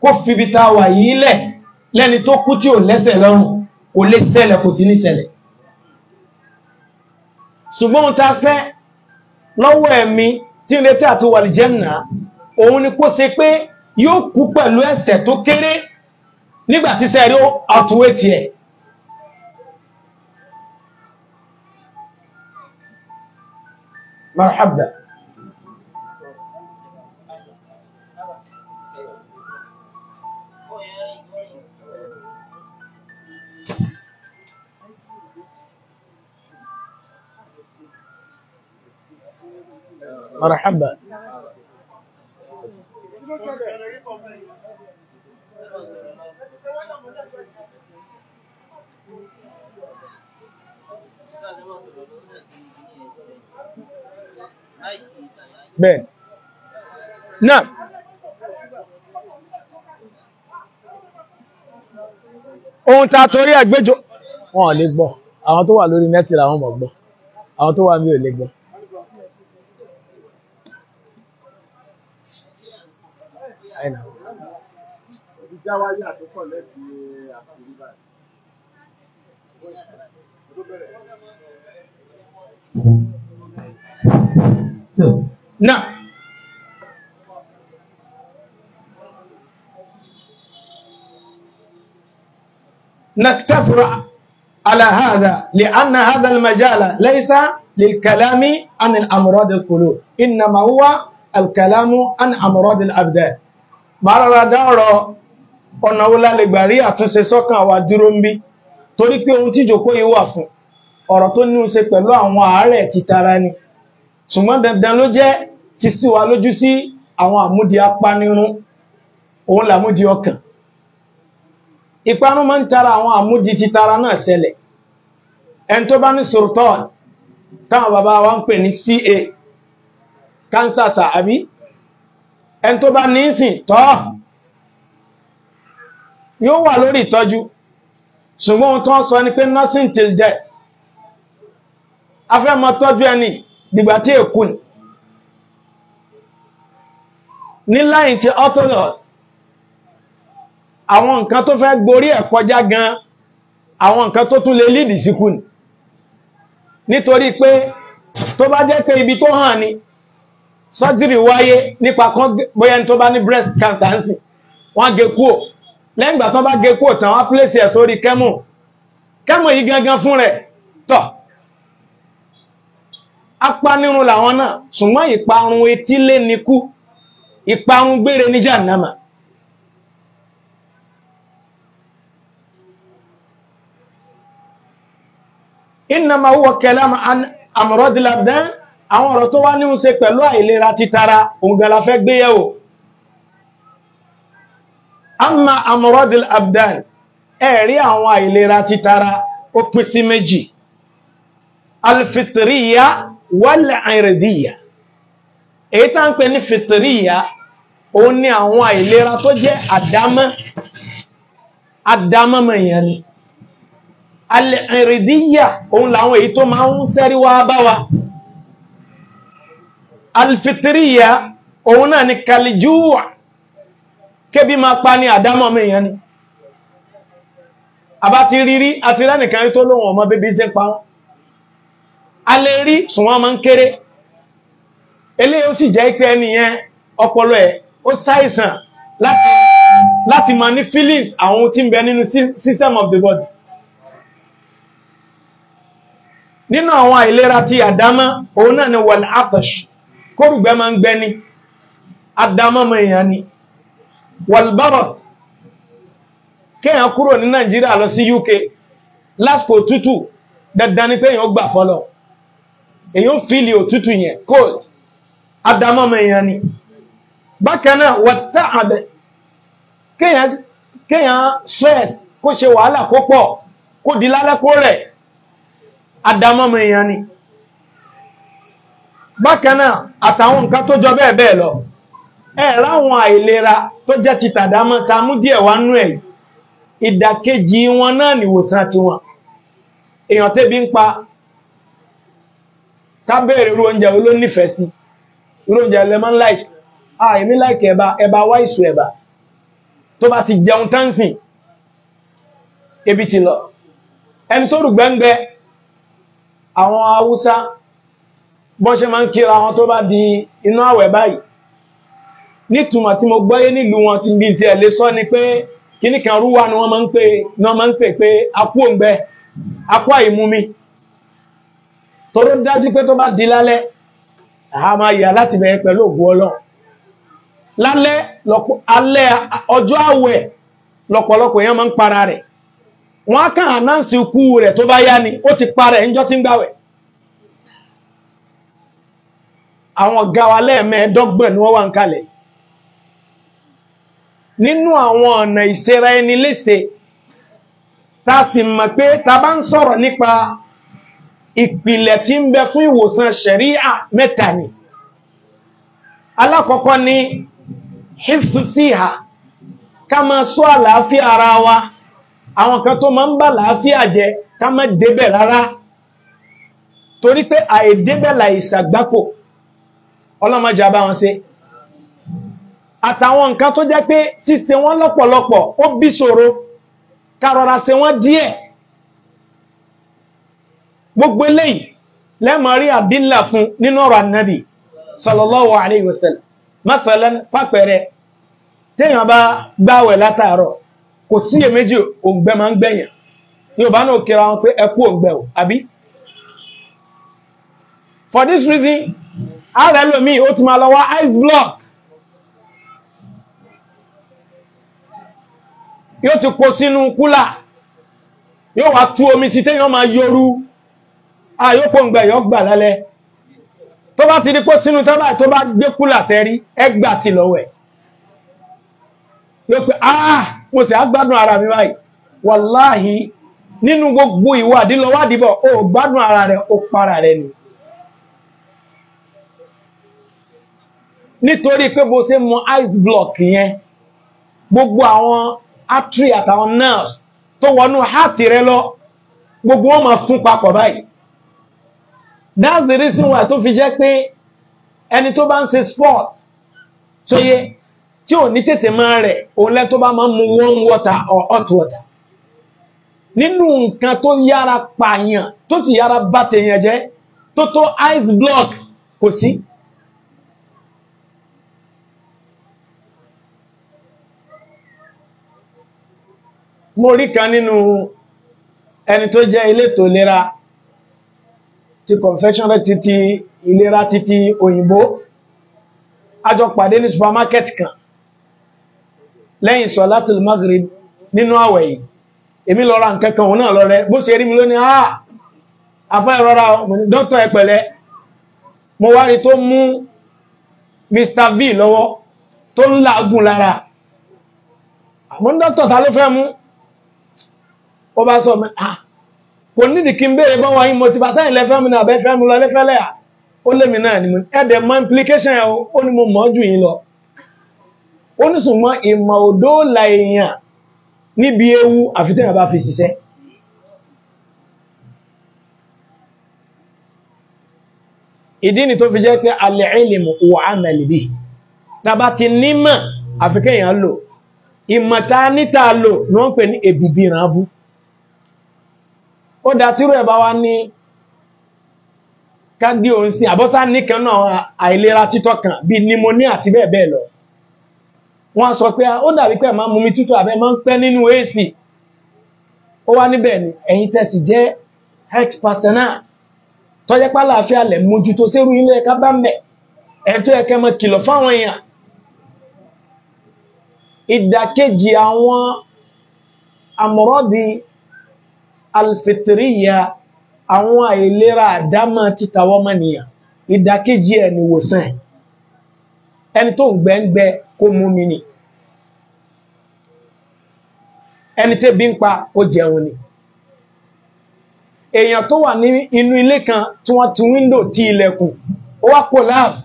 kó fi bí tá wà yìí lẹ̀ lẹ́ni tó kú tí ò lẹ́sẹ̀ lọ́rùn kò lè ṣẹlẹ̀ kò sí ní ṣẹlẹ̀ ṣùgbọ́n ta fẹ́ lọ́wọ́ ẹ̀mí tí ń retí àti wà lìjẹ́nà òun ni kó ṣe pé yóò kú pẹ̀lú ẹ̀ṣẹ̀ tó kéré nígbàtí sẹ́rí àtúwé tiẹ̀ marhaba مرحبا bẹ́ẹ̀ نعم. ohun ta torí ẹgbẹ́jọ wọn ò lè gbọ́ àwọn tó wà lórí nẹ́tì làwọn mọ̀ gbọ́ àwọn tó wà mí ò lè gbọ́ china. náà. نكتفر على هذا لأن هذا المجال ليس للكلام عن أمراض القلوب إنما هو الكلام عن أمراض الأبدان bárara ọ̀rọ̀ ọ̀nà wo la lè gbà rí àtúnṣe sọ́kàn wa dúró ń bí torí pé ohun tí ìjòkó yìí wà fún ọ̀rọ̀ tó ní ṣe pẹ̀lú àwọn àárẹ̀ ti tara ni ṣùgbọ́n dandan ló jẹ́ sísí wa lójú sí àwọn àmúdi apanirun òun làmúdi ọkàn ìparun máa ń tara àwọn àmúdi ti tara náà ṣẹlẹ̀ ẹn tó bá ní sòrótọ́ táwọn bàbá wa ń pè ní ca cancer àbí ẹni tó bá ní ìsìn tọ́ yóò wà lórí ìtọ́jú ṣùgbọ́n ohun tó ń sọ ni pé nursing till death afẹ́ mọ tọ́jú ẹni dìgbà tí èkú ni ní láyìn ti orthodox àwọn nǹkan tó fẹ́ gborí ẹ̀ kọjá gan àwọn nǹkan tó tún lè lídìí síkú ni nítorí pé tó bá jẹ́ pé ibi tó hàn ni sọ́jírì wáyé nípa kan bóyá tó bá ní breast cancer ń sìn wọ́n gé kúò lẹ́yìn ìgbà tó bá gé kúò tán wọ́n pèsè ẹ̀ sórí kẹ́mù kẹ́mù yìí gangan fún rẹ̀ tọ̀ apanirun làwọn náà ṣùgbọ́n ìparun etílé ni kú ìparun gbére ní jàǹdàmà innama huwa kalam an amradil abdan àwọn ọ̀rọ̀ tó wá ní ń ṣe pẹ̀lú àìlera títara òǹgà la fẹ́ gbéyẹ̀wò amma amuradil abdan ẹ̀rí àwọn àìlera títara ó pín sí méjì alfitriya wàlẹ̀ àìrẹ̀díyà èyí tá ń pè ní fitriya òun ni àwọn àìlera tó jẹ́ àdámọ́ àdámọ́mọ̀ yẹn ni alẹ̀ àìrẹ̀díyà òun làwọn èyí tó máa ń sẹ́rí wá bá wa. Bawa alfitiriya òun náà ni kalijúwà kébí máa pa ní àdámọ́ mi ìyẹn ni àbá ti rírí àti ránìkan tó lóhun ọmọ bébí sí pa wọ́n a lè rí sùnwọ́n máa ń kéré eléyìí ó sì jẹ́ pé ẹnìyẹn ọpọlọ ẹ̀ ó ṣàìsàn láti láti máa ní feelings àwọn tí ń bẹ nínú system of the body nínú àwọn àìlera ti àdámọ́ òun náà ni wal atash kórùgbẹ́ máa ń gbẹ́ ní adámọ́mọ́ èèyàn ni walbarat kéèyàn kúrò ní Nàìjíríà lọ sí UK lásìkò òtútù dandan ni pé èèyàn gbà fọ́lọ̀ èèyàn fíìlì òtútù yẹn cold adámọ́mọ́ èèyàn ni bákanáà wàtá àbẹ̀ kéèyàn stress kó ṣe wàhálà kó pọ̀ kó di lálẹ́ kó rẹ̀ adámọ́mọ́ èèyàn ni bákan náà àtàwọn nǹkan tó jọ bẹ́ẹ̀ bẹ́ẹ̀ lọ ẹ ráwọn àìlera tó jẹ́ ti tàdámọ́ ta mú díẹ̀ wá nú ẹ̀ ìdàkejì wọn náà nìwòsàn tiwọn èèyàn tẹ́bi ń pa ká béèrè irú oúnjẹ wo ló nífẹ̀ẹ́ sí irú oúnjẹ lẹ́mọ́ láìkì à èmi láìkì ẹ̀bà ẹ̀bà wá ìṣù ẹ̀bà tó bá ti jẹun tánsìn ebi ti lọ ẹni tó rù gbẹ́ngbẹ́ àwọn haúsá bọ́n ṣe máa ń kíra wọn tó bá di inú àwẹ̀ báyìí nítumọ̀ tí mo gbọ́yé nílùú wọn ti bí ti ẹ̀lẹ́ sọ ni pé kíní kan rúwà ni wọ́n máa ń pè ní wọ́n máa ń pè pé akú òǹgbẹ akú àìmumi toró dájú pé tó bá di lálẹ́ a máa yà láti bẹ̀rẹ̀ pẹ̀lú ògùn ọlọ́ lálẹ́ alẹ́ ọjọ́ àwẹ̀ lọ́pọ̀lọpọ̀ èèyàn máa ń para rẹ̀ wọ́n á kàn ànáǹsì ikú rẹ̀ tó bá yá ni ó ti para ẹ̀ níjọ́ tí ń gbàwẹ̀ àwọn ọ̀gá wa lẹ́ẹ̀mẹ́ẹ̀ẹ́dọ́gbọ̀n ni wọ́n wà ń kalẹ̀ nínú àwọn ọ̀nà ìṣera ẹni léṣe ta sì mọ̀ pé ta bá ń sọ̀rọ̀ nípa ìpìlẹ̀ tí ń bẹ fún ìwòsàn ṣẹ̀ríà mẹ́ta ni alákọ̀ọ́kọ́ ni hifsu síhà ká máa ṣọ́ àlàáfíà ara wa àwọn kan tó máa ń bà làáfíà jẹ́ ká má débẹ̀ rárá torí pé àìdébẹ̀ làìṣàgbápò ọlọ́mọdé àbá wọn ṣe àtàwọn nǹkan tó jẹ́ pé ṣíṣe wọ́n lọ́pọ̀lọpọ̀ ó bí ṣòro kárọra ṣe wọ́n díẹ̀ gbogbo eléyìí lẹ́mọ̀ àdínlà fún nínú ọ̀rọ̀ ànábì sallallahu alayhi wa sallam téèyàn bá gbáwẹ̀ látàárọ̀ kò sí òǹgbẹ máa ń gbẹ̀yàn Yorùbá náà kíra wọn pé ẹ kú òǹgbẹ o àbí for this reason ààrẹ lómi ó ti máa lọ wá ice block yóò ti kó sínú kúlà yóò wá tú omi sí téèyàn máa yoru àyókò ń gbà lálẹ́ tó bá ti di kó sínú tábà tó bá gbé kúlà sẹ́rí ẹgbà ti lọ́wẹ̀ yóò pé mo sì á gbádùn ara mi báyìí wàláhì nínú gbogbo ìwádìí lọ wádìí bọ̀ ó gbádùn ara rẹ̀ ó para nítorí pé bó ṣe mọ ice block yẹn gbogbo àwọn artery àtàwọn nerves tó wọnú heart rẹ lọ gbogbo wọn máa fún papọ̀ báyìí that's the reason why tó fi jẹ́ pé ẹni tó bá ń ṣe sport tó yẹ tí ò ní tètè máa rẹ̀ òun lẹ́ tó bá máa mu warm water or hot water nínú nǹkan tó yára pààyàn tó sì yára bà tèèyàn jẹ́ tó tó ice block kò sí. Si mo rí kan nínú ẹni tó jẹ́ elétò ìlera ti confectionery títí ìlera títí òyìnbó a pàdé ní supermarket kan lẹ́yìn solatul maghrib nínú àwẹ̀ yìí èmi lọ ra nǹkan kan òun náà lọ rẹ bó ṣe rí mi lónìí ah afẹ́ ìrora dókítà ẹ mo wá tó mú mr v lọ́wọ́ tó ń làágùn lára àmọ́ dókítà ta ló fẹ́ mú ó sọ mi ah kò nídìí kí n béèrè bọ́n wáyé mo ti bá sáyìn lẹ́fẹ́ mi náà bẹ́ẹ̀ fẹ́ mi lọ lẹ́fẹ́ lẹ́yà ó lémi náà ni mo ní ẹ̀dẹ̀ mọ implication yẹn ó ní mo mọ̀ ọ́ jù yín lọ ó ní sùn mọ́ ìmọ̀ òdó la èèyàn níbi ewu àfi téèyàn bá fi ṣiṣẹ́ ìdí ni tó fi jẹ́ pé alẹ́ ìlìmù wà á mẹ́lìbí tàbá ti nímọ̀ àfikẹ́yàn lò ìmọ̀ta níta lò ní wọ́n pè ní èbìbì ìrànbú ó dá tírò ẹ̀bá wá ní kágbé òun sí àbọ́sá nìkan náà àìlera títọ́ kan bí pneumonia àti bẹ́ẹ̀ bẹ́ẹ̀ lọ wọ́n sọ pé ó dàbí pé máa mumi tútù àbẹ́ máa ń pẹ́ nínú AC ó wá níbẹ̀ ni ẹ̀yin tẹ́sì jẹ́ health personnel tọ́jẹ́ pálàáfíà lẹ̀ mójútó sérú ilé ẹ̀ká bá ń bẹ̀ ẹ̀ tó ẹ̀kẹ́ mọ́ kìlọ̀ fáwọn èèyàn ìdàkejì àwọn àmọ̀rọ́dì alfitriya àwọn àìlera àdámọ́ títàwọ́ mọ́nìyàn ìdákejì ẹ̀ nìwòsàn ẹni tó ń gbẹ́ngbẹ́ kó mú mi ni ẹni tẹ́bí ń pa kó jẹun ni èèyàn tó wà ní inú ilé kan tí wọ́n ti wíńdò ti ilẹ̀kùn ó wá collapse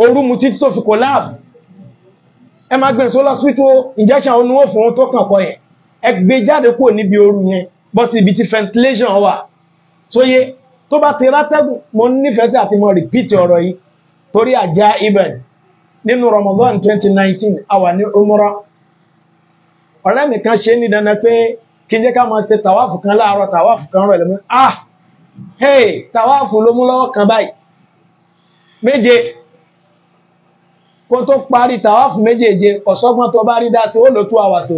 orú mu títí tó fi collapse ẹ máa gbẹ̀rẹ̀ e o injection onú ó fún ó tó kàn kọ yẹn ẹ gbé e jáde kúrò níbi orú yẹn bọ́ sí ibi tí ventilation wà sóyé tó bá ti rátẹ́gùn mo nífẹ̀ẹ́ sí àti mo repeat ọ̀rọ̀ yìí torí àjá ibẹ̀n nínú Ramadan 2019 àwa ní umra ọ̀rẹ́ mi kan ṣe ní dandan pé kí n jẹ́ ká máa ṣe tàwáfù kan láàárọ̀ tàwáfù kan rẹ̀ lómi ah hey tàwáfù ló mú lọ́wọ́ kan báyìí méje kó tó parí tàwáfù méjèèje ọ̀sọ́gbọ́n tó bá rí dá sí ó lò tú àwàsó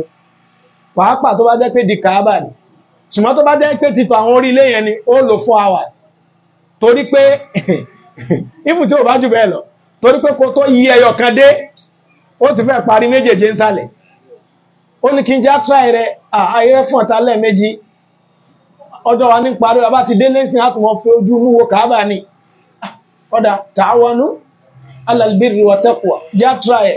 pàápàá tó bá jẹ́ pé di kàábà ni ṣùgbọ́n tó bá jẹ́ pé títọ̀ àwọn orí ilé yẹn ni ó lò four hours torí pé ìfù tí ò bá jù bẹ́ẹ̀ lọ torí pé kò tó yí ẹyọ kan dé ó ti fẹ́ parí méjèèjì ń sàlẹ̀ ó ní kí n já try rẹ ààyè fún ọ̀tá lẹ́ẹ̀mejì ọjọ́ wa ní parí ọba ti dé lẹ́sìn láti wọ́n fi ojú inú wo kàábà ni ọ̀dà tààwọnú alàlbírì wọ̀tẹ́kùọ̀ já try rẹ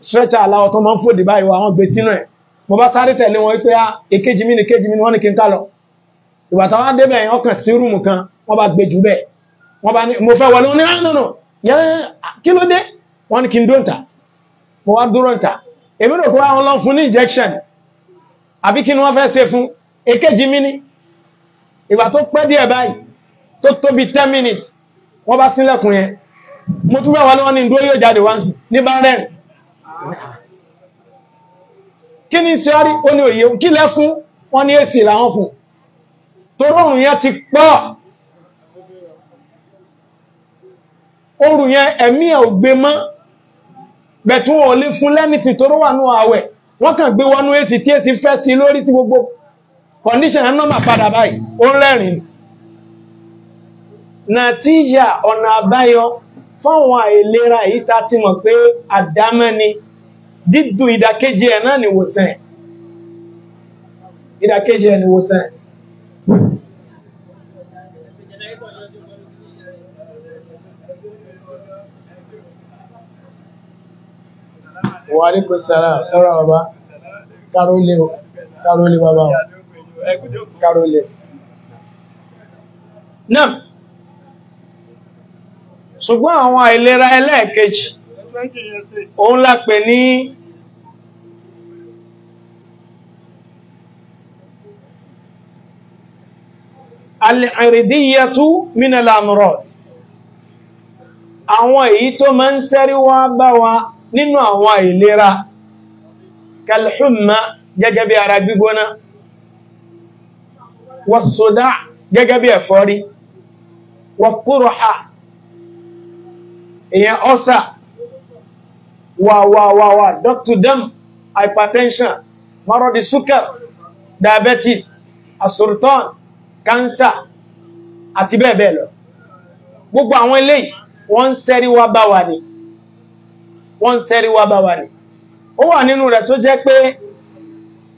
stretcher aláwọ̀ tó máa ń fòdì báyìí wà wọ́n gbé sínú ẹ̀ mo bá sáré tẹ̀lé wọn pé ah, èkejì mi ni kejì mi ni wọ́n ní kí n ká lọ ìgbà táwọn adébẹ̀ yẹn ọkàn sí rúùmù kan wọ́n bá gbé jù bẹ́ẹ̀ wọ́n bá ní mo fẹ́ wọlé wọn ní àánú nù yẹn kí ló dé wọ́n ní kí n dó ǹta mo wá dúró ǹta èmi rò pé wọ́n lọ fún ní injection àbí kí ni wọ́n fẹ́ ṣe fún èkejì mi ni ìgbà tó pẹ́ díẹ̀ báyìí tó tóbi 10 minutes wọ́n bá sílẹ̀kùn yẹn mo tún fẹ́ wọlé wọn ní ìdúró yóò jáde wá sí ní bá rẹ́rìn kí ni sẹ́rí ó ní òye kí lẹ́ fún wọ́n ní èsì làwọn fún torí òrùn yẹn ti pọ̀ òrùn yẹn ẹ̀mí ẹ̀ ò gbé mọ́ bẹ̀tún ò lè fún lẹ́nìtì torí wà nú àwẹ̀ wọ́n kàn gbé wọnú èsì tí èsì fẹ́ sí lórí tí gbogbo condition ẹ̀ nọ́mà padà báyìí ó rẹ́rìn nàtíjà ọ̀nà àbáyọ fáwọn àìlera èyí tá ti mọ̀ pé àdámẹ́ni dídùn ìdàkejì ẹ̀ náà nìwòsàn ìdàkejì ẹ̀ nìwòsàn wà ní kò sára ẹ̀rọ bàbá kárólé kárólé bàbá kárólé náà ṣùgbọ́n àwọn àìlera ẹlẹ́ẹ̀kejì òun lápẹ̀ ní alìrìdíyàtú mínàlá àmúrọ̀d àwọn èyí tó máa ń sẹ́rí wá bá wa nínú àwọn àìlera kalhumma gẹ́gẹ́ bí ara gbígbóná wàsódá gẹ́gẹ́ bí ẹ̀fọ́rí wàkúrọ̀ha èyàn ọ́sà wa wa wa wa dog to them hypertension marodi sugar diabetes asortan cancer àti bẹ́ẹ̀ bẹ́ẹ̀ lọ gbogbo àwọn eléyìí wọ́n sẹ́rí wá bá wa ni wọ́n ń sẹ́rí wá bá wa ni ó wà nínú rẹ̀ tó jẹ́ pé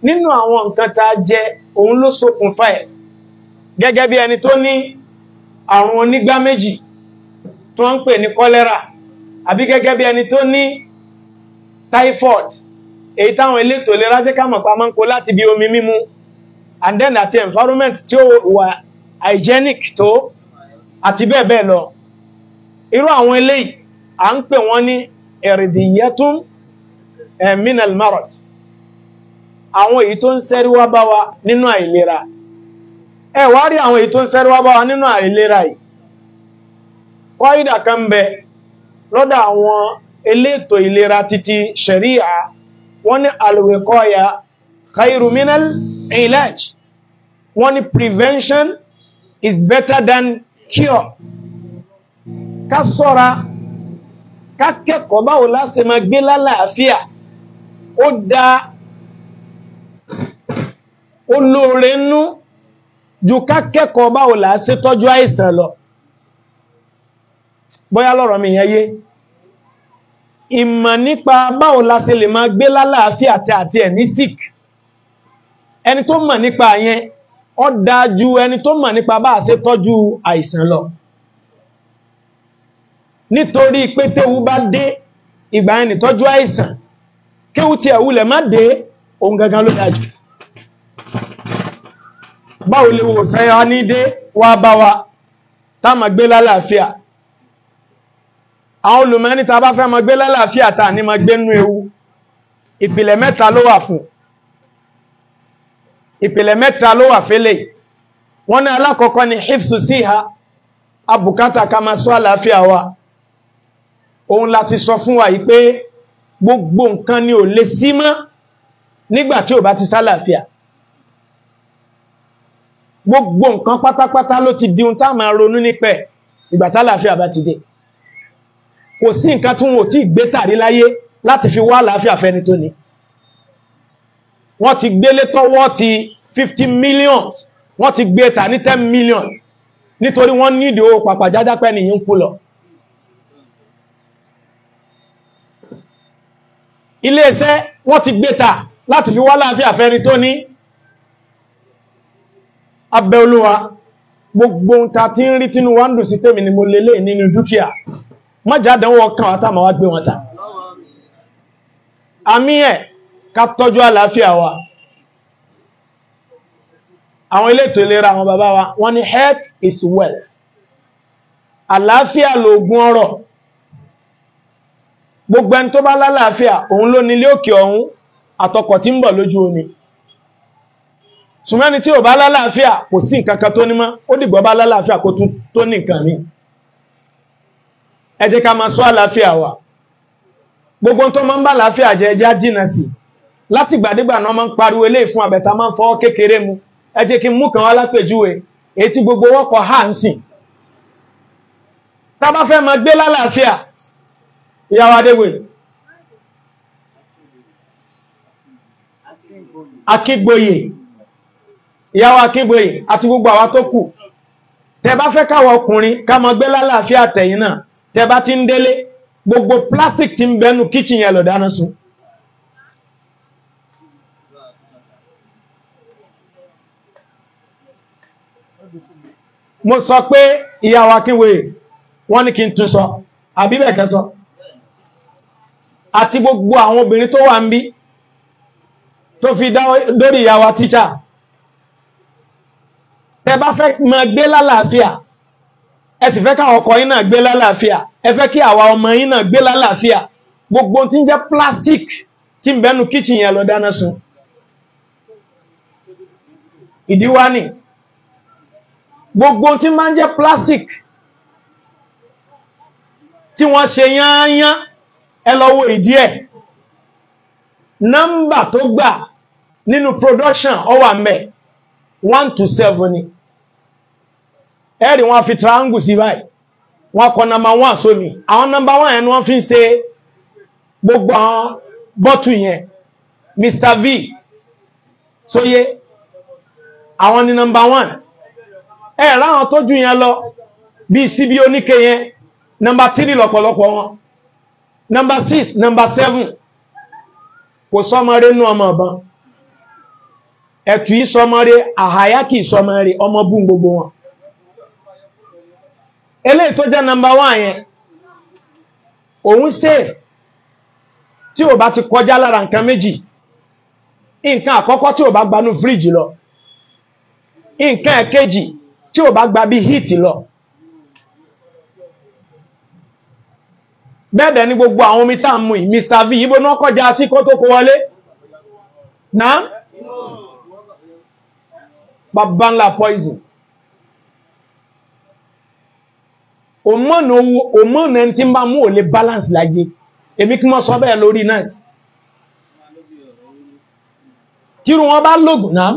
nínú àwọn nǹkan tá a jẹ òun ló ṣokùnfà ẹ̀ gẹ́gẹ́ bí ẹni tó ní àrùn onígbá méjì tó ń pè ní kọ́lẹ́rà àbí gẹ́gẹ́ bí ẹni tó ní typhoid èyí táwọn elétò ìlera jẹ́ káàmọ̀ pa máa ń kó láti bí omi mímu and then àti environment tí ó wà hygienic tó àti bẹ́ẹ̀ bẹ́ẹ̀ lọ irú àwọn eléyìí à ń pè wọ́n ní ẹ̀rìdìyẹ́tún eh, minal marad àwọn èyí tó ń sẹ́rí bá wa nínú àìlera ẹ wá rí àwọn èyí tó ń sẹ́rí bá wa nínú àìlera yìí kọ́ ìdà kan bẹ lọ́dọ̀ àwọn elétò ìlera títí ṣẹ̀ríà wọ́n ní alwẹ̀kọ́ya khairu ilaj wọ́n ní prevention is better than cure ká sọ́ra ká kẹ́kọ̀ọ́ báwo láti máa gbé lálàáfíà ó dá olóore nú ju ká kẹ́kọ̀ọ́ báwo láti tọ́jú àìsàn lọ bóyá lọ́rọ̀ mi yẹn yé ìmọ̀ nípa báwo la ṣe lè máa gbé lálàáfíà àti ẹ̀ ní sick ẹni tó mọ̀ nípa yẹn ó dájú ẹni tó mọ̀ nípa bá a ṣe tọ́jú àìsàn lọ nítorí pé téwu bá dé ìgbà yẹn nìtọ́jú àìsàn kéwu tí ẹ̀wù lẹ̀ má dé ohun gangan ló dájú báwo lè wò fẹ́ wa ní dé wá bá wa tá a máa gbé lálàáfíà àwọn olùmọ̀ ní ta bá fẹ́ mọ gbé lálàáfíà ta ní mọ gbé nú ewu ìpìlẹ̀ mẹ́ta ló wà fún ìpìlẹ̀ mẹ́ta ló wà fẹ́lẹ̀ wọ́n ní alákọ̀ọ́kọ́ ni hifsu síha abùkátà ká máa ṣọ́ àlàáfíà wa òun láti sọ fún wa yìí pé gbogbo nǹkan ni ò lè sí mọ́ nígbà tí ò bá ti sálàáfíà gbogbo nǹkan pátápátá ló ti di ohun tá máa ronú nípẹ̀ ìgbà tálàáfíà bá ti dé kò sí nǹkan tí wọn ò tí gbé tàrí láyé láti fi wá àlàáfíà fẹ́ni tó ní wọ́n ti gbélé tọ́wọ́ ti 50 million wọ́n ti gbé tà ní 10 million nítorí wọ́n nídìí owó pàpàjájá pẹ́ nìyí ń kú lọ iléeṣẹ́ wọ́n ti gbé tà láti fi wá àlàáfíà fẹ́ni tó ní abẹ́ olúwa gbogbo ohun ta ti ń rí tínú wa ń dùn sí tèmi ni mo lélẹ̀ nínú dúkìá mọ́jà àdánwò ọkàn wa táwọn wá gbé wọn ta àmì ẹ̀ ká tọ́jú àlàáfíà wa àwọn elétò ìlera àwọn bàbá wa wọ́n ní health is well, àlàáfíà lòògùn ọrọ̀ gbogbo ẹni tó bá lálàáfíà òun ló nílé òkè ọ̀hún àtọkọ̀ tí ń bọ̀ lójú omi ṣùgbọ́n ẹni tí ò bá lálàáfíà kò sí nǹkan kan tó ní mọ́ ó dìgbọ́ bá lálàáfíà kó tó ní nǹkan mìíràn ẹ jẹ́ ká máa ṣọ́ àlàáfíà wa gbogbo tó máa ń bá àlàáfíà jẹ́ ẹjá jìnà sí látìgbàdégbà náà máa ń pariwo eléyìí fún àbẹ̀tà máa ń fọwọ́ kékeré mu ẹ jẹ́ kí n mú kan wá lápèjúwe èyí tí gbogbo wọ́kọ̀ hà ń sìn tá bá fẹ́ máa gbé lálàáfíà ìyàwó adéwè akígboyè ìyàwó akígboyè àti gbogbo àwa tó kù tẹ bá fẹ́ káwọ ọkùnrin ká máa gbé lálàáfíà tẹ̀yìn náà tẹ́ bá ti ń délé gbogbo plastic ti ń bẹnu kitchen yẹn lọ dáná sun mo sọ pé ìyàwó akínwé wọ́n ní kí n tún sọ àbí bẹ́ẹ̀ kẹ́ sọ àti gbogbo àwọn obìnrin tó wà ń bí tó fi dórí ìyàwó tíṣà tẹ́ bá fẹ́ máa gbé lálàáfíà ẹ sì fẹ́ káwọn ọkọ yín náà gbé lálàáfíà ẹ fẹ́ kí àwa ọmọ yín náà gbé lálàáfíà gbogbo tí ń jẹ́ plastic tí ń bẹ́nu kitchen yẹn lọ dáná sun ìdí wá nì gbogbo tí máa ń jẹ́ plastic tí wọ́n ṣe yányán ẹ lọ wo ìdí ẹ̀ nọ́mbà tó gbà nínú production ó wà ńbẹ̀ one to seven ni. ẹ̀rì wọn fi triangle sí báyìí wọn kọ nọmba one sómi àwọn nọmba one yẹn ni wọ́n fi ń ṣe gbogbo àwọn bọ́tù yẹn Mr V sóyé àwọn ni nọmba one ẹ̀ ráwọn tó jù yẹn lọ bíi síbi oníke yẹn nọmba three lọ́pọ̀lọpọ̀ wọn nọmba six nọmba seven kò sọmọre nú ọmọ ọ̀bọ̀n ẹ̀tù ìsọmọre àhàyá kì í sọmọre ọmọ bú gbogbo wọn eléyìí tó jẹ́ number one yẹn òun save tí ò bá ti kọjá lára nǹkan méjì nǹkan àkọ́kọ́ tí ò bá gbanú fíríjì lọ nǹkan ẹ̀kejì tí ò bá gba bí heat lọ bẹ́ẹ̀dẹ̀ ní gbogbo àwọn omi tá ń mu yìí Mr V ibo náà kọjá sí kó tó kó wọlé náà bàbá ńlá poison òmọ́nà tí ń bá mú ò lè balance láyé èmi kí mọ́ sọ bẹ́ẹ̀ lórí náà tírù wọn bá lògùn náà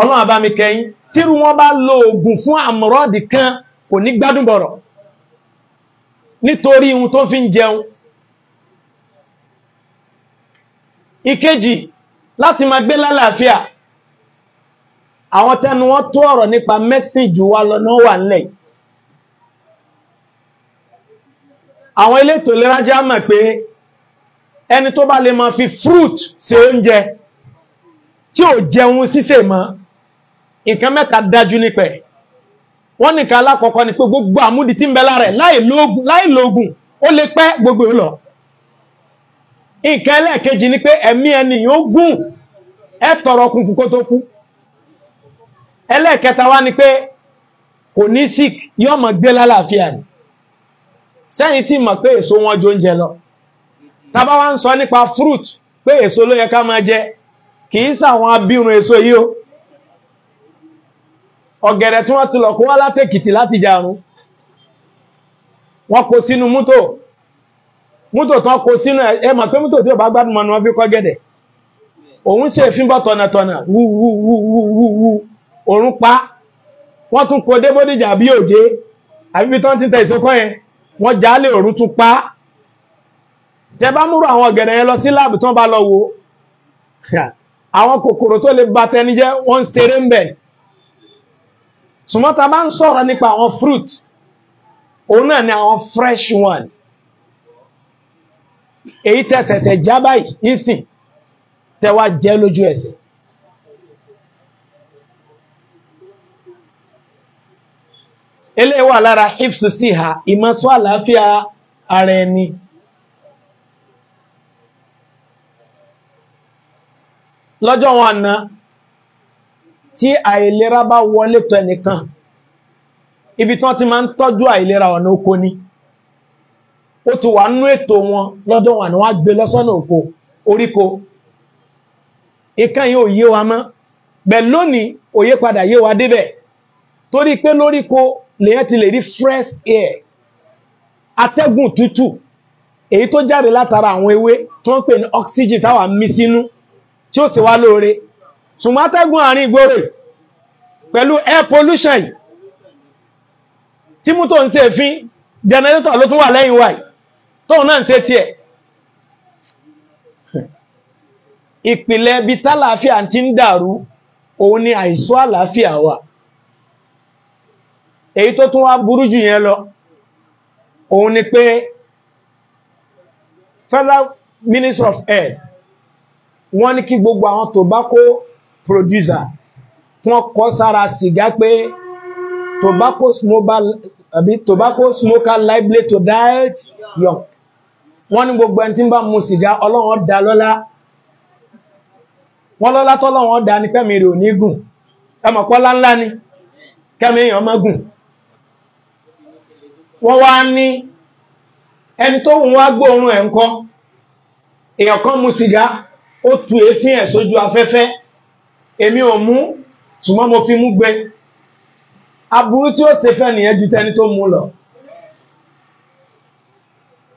ọlọ́run àbámi kẹyìn tírù wọn bá lo ògùn fún àmọ́rọ́dì kan kò ní gbádùn bọ̀rọ̀ nítorí ohun tó fi ń jẹun ìkejì láti máa gbé lálàáfíà àwọn tẹnu wọn tó ọ̀rọ̀ nípa mẹ́sìn jù wá lọ náà wà nílẹ̀ àwọn elétò ìlera jẹ́ àmọ̀ pé ẹni tó bá lè máa fi fruit ṣe oúnjẹ tí ò jẹun sísè mọ́ nǹkan mẹ́ta dájú nípẹ̀ wọ́n nìkan alákọ̀ọ́kọ́ ni pé gbogbo àmúdi tí ń bẹ lára ẹ̀ láì lóògùn ó lè pẹ́ gbogbo lọ nǹkan ẹlẹ́ẹ̀kejì ni pé ẹ̀mí ẹni yóò gùn ẹ tọrọ kún fún kó tó kú ẹlẹ́ẹ̀kẹta wá ni pé kò ní sick yóò máa gbé lálàáfíà ni sẹ́yìn si mọ̀ pé èso wọn jó oúnjẹ lọ tàbá wá ń sọ nípa fruit pé èso ló yẹ ká máa jẹ kì í sàwọn abirùn èso yìí o ọ̀gẹ̀dẹ̀ tí wọ́n ti lọ kó wá látẹ̀kìtì láti sinu wọ́n kó sínú mútò mútò tán kó sínú ẹ mọ̀ pé mútò tí ò bá gbádùn mọ́ ni wọ́n fi kọ́ gẹ̀dẹ̀ òun ṣe tọ̀nàtọ̀nà pa wọ́n tún kó débódìjà bí òjé ti tẹ yẹn wọ́n jálè òru tún pa tẹ bá múrò àwọn ọ̀gẹ̀dẹ̀ yẹn lọ sí láàbù tán bá lọ wo àwọn kòkòrò tó lè ba tẹni jẹ́ wọ́n ń ṣeré ń bẹ̀ sùmọ́ta bá ń sọ̀rọ̀ nípa àwọn fruit òun náà ni àwọn fresh one èyí tẹ̀sẹ̀sẹ̀ já báyìí ìsìn tẹwàá jẹ́ lójú ẹsẹ̀ eléyìí wà lára hipsu síha ìmọ̀sọ́ àlàáfíà ara ẹni lọ́jọ́ wọn àná tí àìlera bá wọlé tọ̀ ẹnìkan ibi tán ti máa ń tọ́jú àìlera ọ̀nà oko ni ó ti wà nú ètò wọn lọ́dọ̀ wọn àná wá gbé lọ́sọ́nà oko oríko ìkan yìí ò yé wa mọ́ bẹ́ẹ̀ lónìí òye padà yé wa débẹ̀ torí pé lóríko lèyàn ti lè rí fresh air atẹ́gùn tútù èyí tó jáde látara àwọn ewé tó ń pè ní oxygen táwa mí sínú tí ó sì wá lóore ṣùgbọ́n atẹ́gùn àárín ìgboro pẹ̀lú air pollution yìí tí mú tó ń ṣe èéfín jẹnẹrétọ̀ ló tún wà lẹ́yìn wáyìí tóun náà ń ṣe tiẹ̀ ìpìlẹ̀ bíi tálàáfíà ti ń dàrú òun ni àìsàn àlàáfíà wà. èyí tó tún wá burú jù yẹn lọ òun ni pé federal minister of health wọ́n ní kí gbogbo àwọn tobacco producer wọ́n kọ́ sára sìgá pé tobacco smoker àbí tobacco smoker liable to diet young wọ́n ní gbogbo ẹni tí ń bá mu sìgá ọlọ́run dá lọ́lá wọ́n lọ́lá tọ́lọ́run dá ní pẹ́mi rẹ̀ ò ní gùn ẹmọ̀pọ́lá ńlá ni kẹ́mi èèyàn wọ́n wá ní ẹni tó wùn wá gbóòórùn ẹ̀ ń kọ́ èèyàn kan mu sìgá ó tu èéfín ẹ̀ sójú afẹ́fẹ́ èmi ò mú ṣùgbọ́n mo fi mú gbé aburú tí ó ṣe fẹ́ nìyẹn ju tẹni tó mú lọ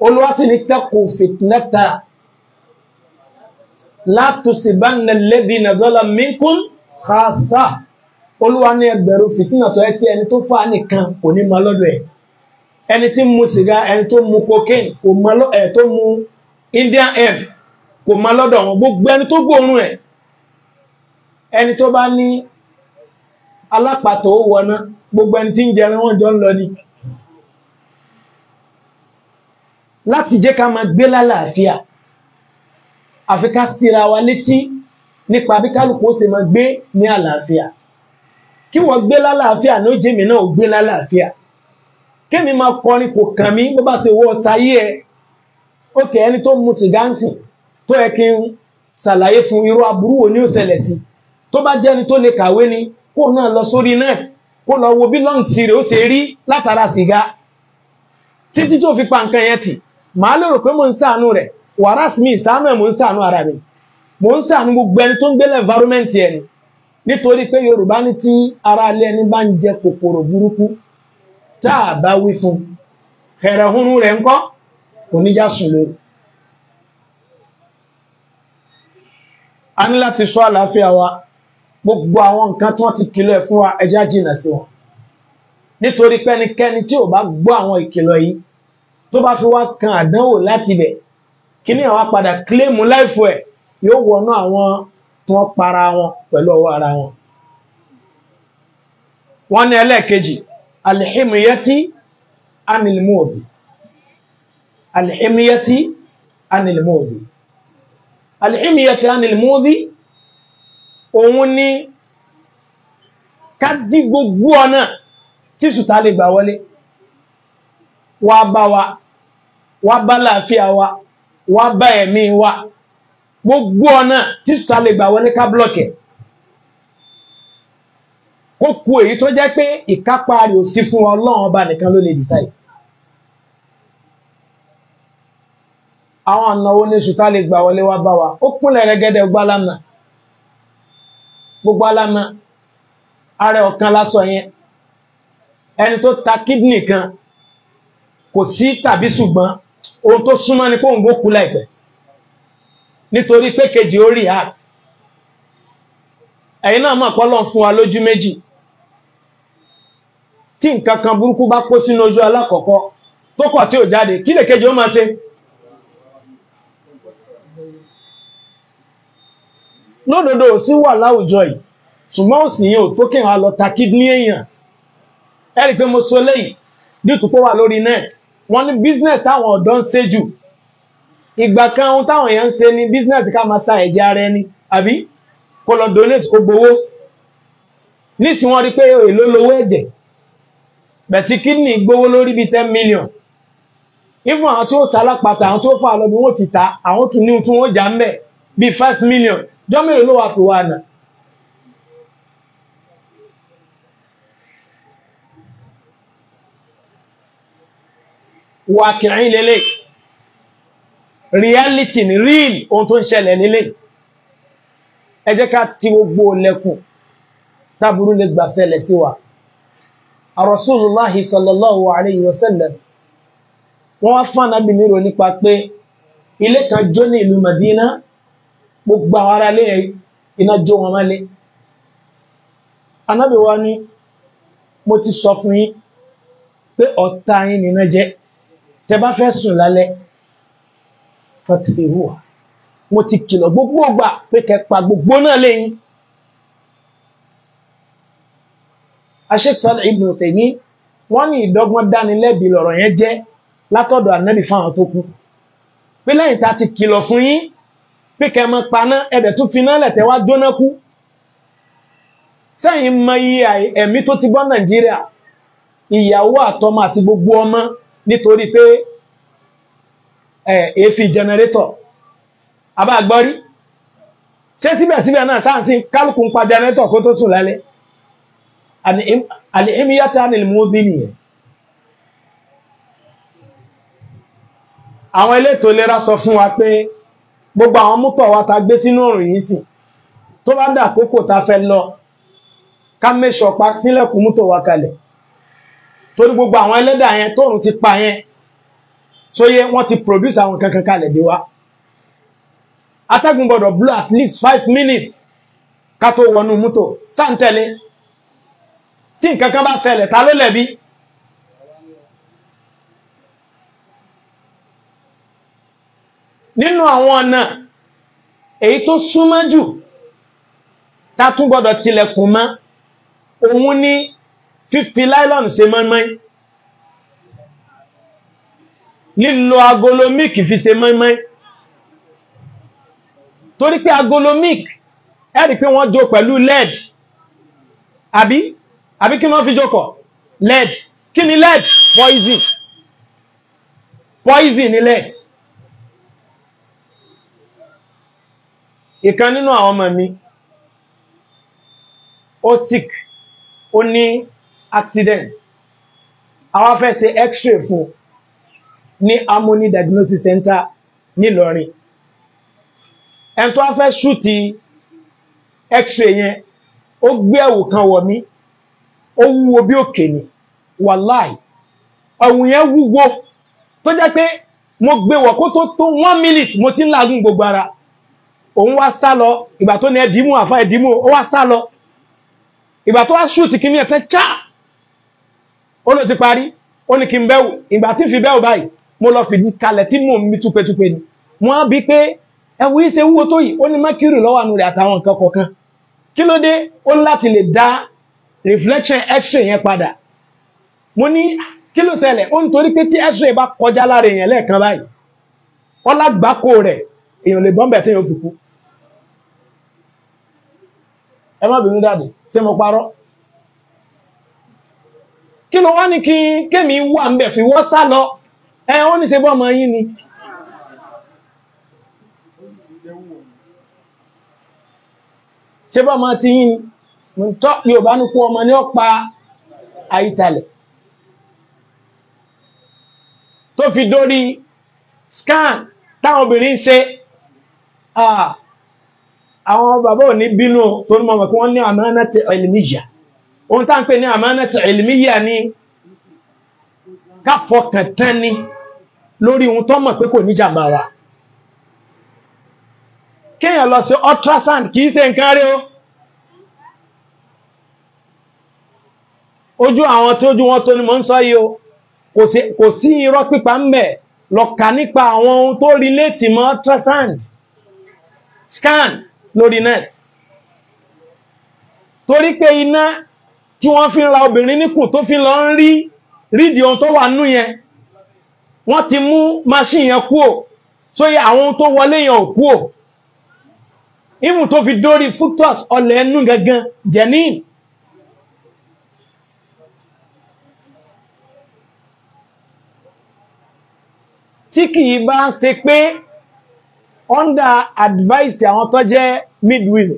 Olúwa sì ní tẹ́kù fìtínẹ́ta látòsíbánà lẹ́bí nàdọ́là mínkún kásá Olúwa ní ẹgbẹ̀rún fìtínà tó ẹ́ pé ẹni tó fà nìkan kò ní ma lọ́dọ̀ ẹ̀ ẹni tí ń mu sìgá ẹni tó mu cocaine kò mọ ẹ tó mu Indian hemp kò mọ lọ́dọ̀ wọn gbogbo ẹni tó gbóòórùn ẹ̀ ẹni tó bá ní alápàtó wọná gbogbo ẹni tí ń jẹrin wọn jọ ń lọ ni láti jẹ́ ká máa gbé lálàáfíà àfi ká síra wa létí nípa bí kálukú ó ṣe máa gbé ní àlàáfíà kí wọ́n gbé lálàáfíà ní ó jẹ́mi náà ó gbé lálàáfíà. La kémi máa kọrin kò kàn mí bó bá ṣe wọ ṣayé ẹ ó kẹ ẹni tó mu sìgá ń sìn tó yẹ kí n ṣàlàyé fún irú aburú wo ni ó ṣẹlẹ̀ sí tó bá jẹ́ ẹni tó lè kàwé ni kó náà lọ sórí net kó lọ wo bí lọ́ǹtì rẹ̀ ó ṣe rí látara sìgá títí tó fi pa nǹkan yẹn tì màá lérò pé mo ń ṣàánú rẹ̀ wàrà mi ìṣàánú ẹ̀ mo ń ṣàánú ara mi mo ń ṣàánú gbogbo ẹni tó ń gbélé environment yẹn nítorí pé Yorùbá ní tí ara alẹ́ ẹni bá ń jẹ kòkòrò burúkú táà bá wí fún ẹ̀rẹ̀ húnú rẹ̀ ń kọ́ kò níjà sùn lóru a ní láti sọ àlàáfíà wa gbogbo àwọn nǹkan tí wọ́n ti kìlọ̀ ẹ̀ fún wa ẹ jẹ́ á jìnà sí wọn nítorí pẹ́nikẹ́ni tí ò bá gbọ́ àwọn ìkìlọ̀ yìí tó bá fi wá kan àdánwò láti bẹ̀ kí àwọn padà kílèmù láìfò ẹ̀ yóò wọnú àwọn tí wọ́n para wọn pẹ̀lú ọwọ́ ara wọn. wọ́n ní ẹlẹ́ẹ̀kejì alhimiyati anilmọ́ọ̀bì alhimiyati anilmọ́ọ̀bì alhimiyati anilmọ́ọ̀bì òun ni ká dí gbogbo ọ̀nà tí sùtà lè gbà wọlé wá bá wa wá bá láàfíà wa wá bá ẹ̀mí wa gbogbo ọ̀nà tí sùtà lè gbà wọlé ká blọ́kẹ̀ẹ́ kó ku èyí tó jẹ́ pé ìkápá rẹ̀ ò sí fún ọlọ́run ọba nìkan ló lè decide. àwọn ọ̀nà wo ni ṣùtá lè gbà wọlé wá bá wa ó kúnlẹ̀ rẹ́gẹ́dẹ́ gbọ́ alámà gbogbo alámà ààrẹ ọ̀kan lásọ yẹn ẹni tó ta kídìnì kan kò sí tàbí ṣùgbọ́n ohun tó súnmọ́ ni kóhùn gbó kú láìpẹ́ nítorí pé kejì ó react ẹ̀yin náà mọ̀ pé Ọlọ́run fún wa lójú méjì tí nǹkan kan burúkú bá kó sínú ojú alákọ̀ọ́kọ́ tó kọ̀ tí ò jáde kí lè kejì ó máa ṣe lódodo òsì wà láwùjọ yìí ṣùgbọ́n òsì yìí ò tó kí wọ́n lọ ta kidney èèyàn ẹ rí i pé mo sọ lẹ́yìn dìtù pọ̀ wà lórí net wọ́n ní business táwọn ọ̀dọ́ ń ṣe jù ìgbà kan ohun táwọn èèyàn ń ṣe ni business ká máa ta ẹ̀jẹ̀ ara ẹni àbí kó lọ donate kó gbowó nísìnyí wọ́n rí i pé èlò lowó ẹ̀jẹ̀ bẹ̀tí kídìnì gbówó lórí bí ten million If àwọn tí ó sálápàtà àwọn tí ó fà lọ bí wọ́n ti ta àwọn tún ní tún wọ́n jà ń bẹ̀ bí five million jọ́mìnì ló wà fi wà náà wàkìrín lélẹ̀ reality ni real ohun tó ń ṣẹlẹ̀ nílé ẹ jẹ́ ká ti gbogbo lẹ́kùn táburú lè gbà ṣẹlẹ̀ sí wa àrọ̀sùlùláhì sallallahu alayhi wa sallam wọ́n wá fún ànábì nírò nípa pé ilé kan jó ní ìlú Madina gbogbo àwọn ará lé iná jó wọn mọ́lé ànábì wá ní mo ti sọ fún yín pé ọ̀tá yín nìna jẹ́ tẹ bá fẹ́ sùn lálẹ́ fatihuwa mo ti kìlọ̀ gbogbo ọgbà pé kẹ gbogbo náà lẹ́yìn Sheikh Salih Ibn Uthaymeen wọ́n ní ìdọ́gbọ́n dánilẹ́bi lọ̀rọ̀ yẹn jẹ́ látọ̀dọ̀ ànábì fáwọn tó kú pé lẹ́yìn tá ti kìlọ̀ fún yín pé kẹmọ paná ẹ̀dẹ̀ tún finá lẹ̀tẹ̀ wá jóná kú sẹ́yìn mọ iye ẹ̀mí tó ti gbọ́ Nàìjíríà ìyàwó àtọmọ àti gbogbo ọmọ nítorí pé èéfì jẹnẹrétọ̀ abá gbọ́rí ṣé síbẹ̀síbẹ̀ náà sáà sí kálukú ń pa jẹnẹrétọ̀ kó tó sùn lálẹ́ àlìhímíyàtà ní ìmúdí nìyẹn àwọn elétò ìlera sọ fún wa pé gbogbo àwọn mútọ̀ wa ta gbé sínú òrùn yìí sì tó bá dà kókò ta fẹ́ lọ ká mẹ́ṣọ̀ pa sílẹ̀kùn mútọ̀ wa kalẹ̀ torí gbogbo àwọn ẹlẹ́dà yẹn tóòrùn ti pa yẹn sóyé wọ́n ti produce àwọn kankan kalẹ̀ bí wa atẹ́gùn gbọ́dọ̀ blow at least five minutes ká tó wọnú mútọ̀ sáà tí nǹkan kan bá ṣẹlẹ̀ ta ló lẹ̀bi nínú àwọn ọ̀nà èyí tó súnmọ́ jù ta tún gbọ́dọ̀ tilẹ̀kùn mọ́ òun ni fífi láìlọ́nù ṣe mọ́ínmọ́ín lílo agolomíìkì fi ṣe mọ́ínmọ́ín torí pé agolomíìkì ẹ pé wọ́n jó pẹ̀lú lead àbí àbí kí wọ́n fi jókòó lead kí ni lead poison poison ni lead ìkan nínú àwọn ọmọ mi ó sick ó ní accident àwa fẹ́ ṣe x-ray fún ní Harmony diagnosis Center nílọrin ẹni tó wá fẹ́ ṣúùtì x-ray yẹn ó gbé ẹ̀wù kan wọ̀ mí ó wúwo bí òkè ni wàláì ọ̀hún yẹn wúwo tó jẹ́ pé mo gbé wọ̀ kó tó tó one minute mo ti ń làágùn gbogbo ara òun wá sá lọ ìgbà tó ní ẹdìmú àfa ẹdìmú ó wá sá lọ ìgbà tó wá ṣúùtì kí ní ẹ̀tẹ́ chá ó ló ti parí ó ní kí n bẹ́wò ìgbà tí ń fi bẹ́wò báyìí mo lọ fìdí kalẹ̀ tí mò ń mi túpetúpe ni mo á bí pé ẹwù yìí ṣe wúwo tó yìí ó ní mercury lọ́wọ́ àánú rẹ̀ àtàwọn nǹkan kọ̀ọ̀kan kí ló dé ó ní láti lè dá reflection x-ray yẹn padà mo ní kí ló ṣẹlẹ̀ ó ń torí pé tí x-ray bá kọjá lára èèyàn lẹ́ẹ̀kan báyìí wọ́n lágbákò rẹ̀ èèyàn lè bọ́m̀bẹ̀ téèyàn fi kú ẹ má bínú dàdé ṣé mo parọ́ kí ló wá ní kí kémi wà ń bẹ̀ fi wọ́ sá lọ ẹ ó ní ṣe bọ́ọ̀mọ yín ni ṣe bọ́ọ̀mọ ti yín ni ntọ́ yorùbá ní kú ọmọ ní ọ̀pá àyítalẹ̀ tó fi dórí scan táwọn obìnrin ń ṣe àwọn bàbá ò ní bínú tó ní mọ̀mọ̀ kí wọ́n ní àmánàtì ilmiyya ohun tá ń pè ní àmánàtì ilmiyya ni káfọkàn tán ni lórí ohun tó mọ̀ pé kò ní jàmbá kéèyàn lọ sí ultrasound kìí ṣe nǹkan rí o. ojú àwọn tójú wọn tó ni mò ń sọ yìí o kò sí irọ́ pípa ń bẹ̀ lọ́ka nípa àwọn ohun tó relate mọ́ ultrasound scan lórí net torí pé iná tí wọ́n fi ń ra obìnrin níkù tó fi lọ ń rí rídìí ohun tó wà nú yẹn wọ́n ti mú machine yẹn kúò sóyè àwọn ohun tó wọlé yẹn ò kúò ìmù tó fi dórí fructose ọlẹ̀ ẹnu gangan jẹ̀níìnì tí kìí bá ń ṣe pé under advice àwọn tó jẹ́ midwife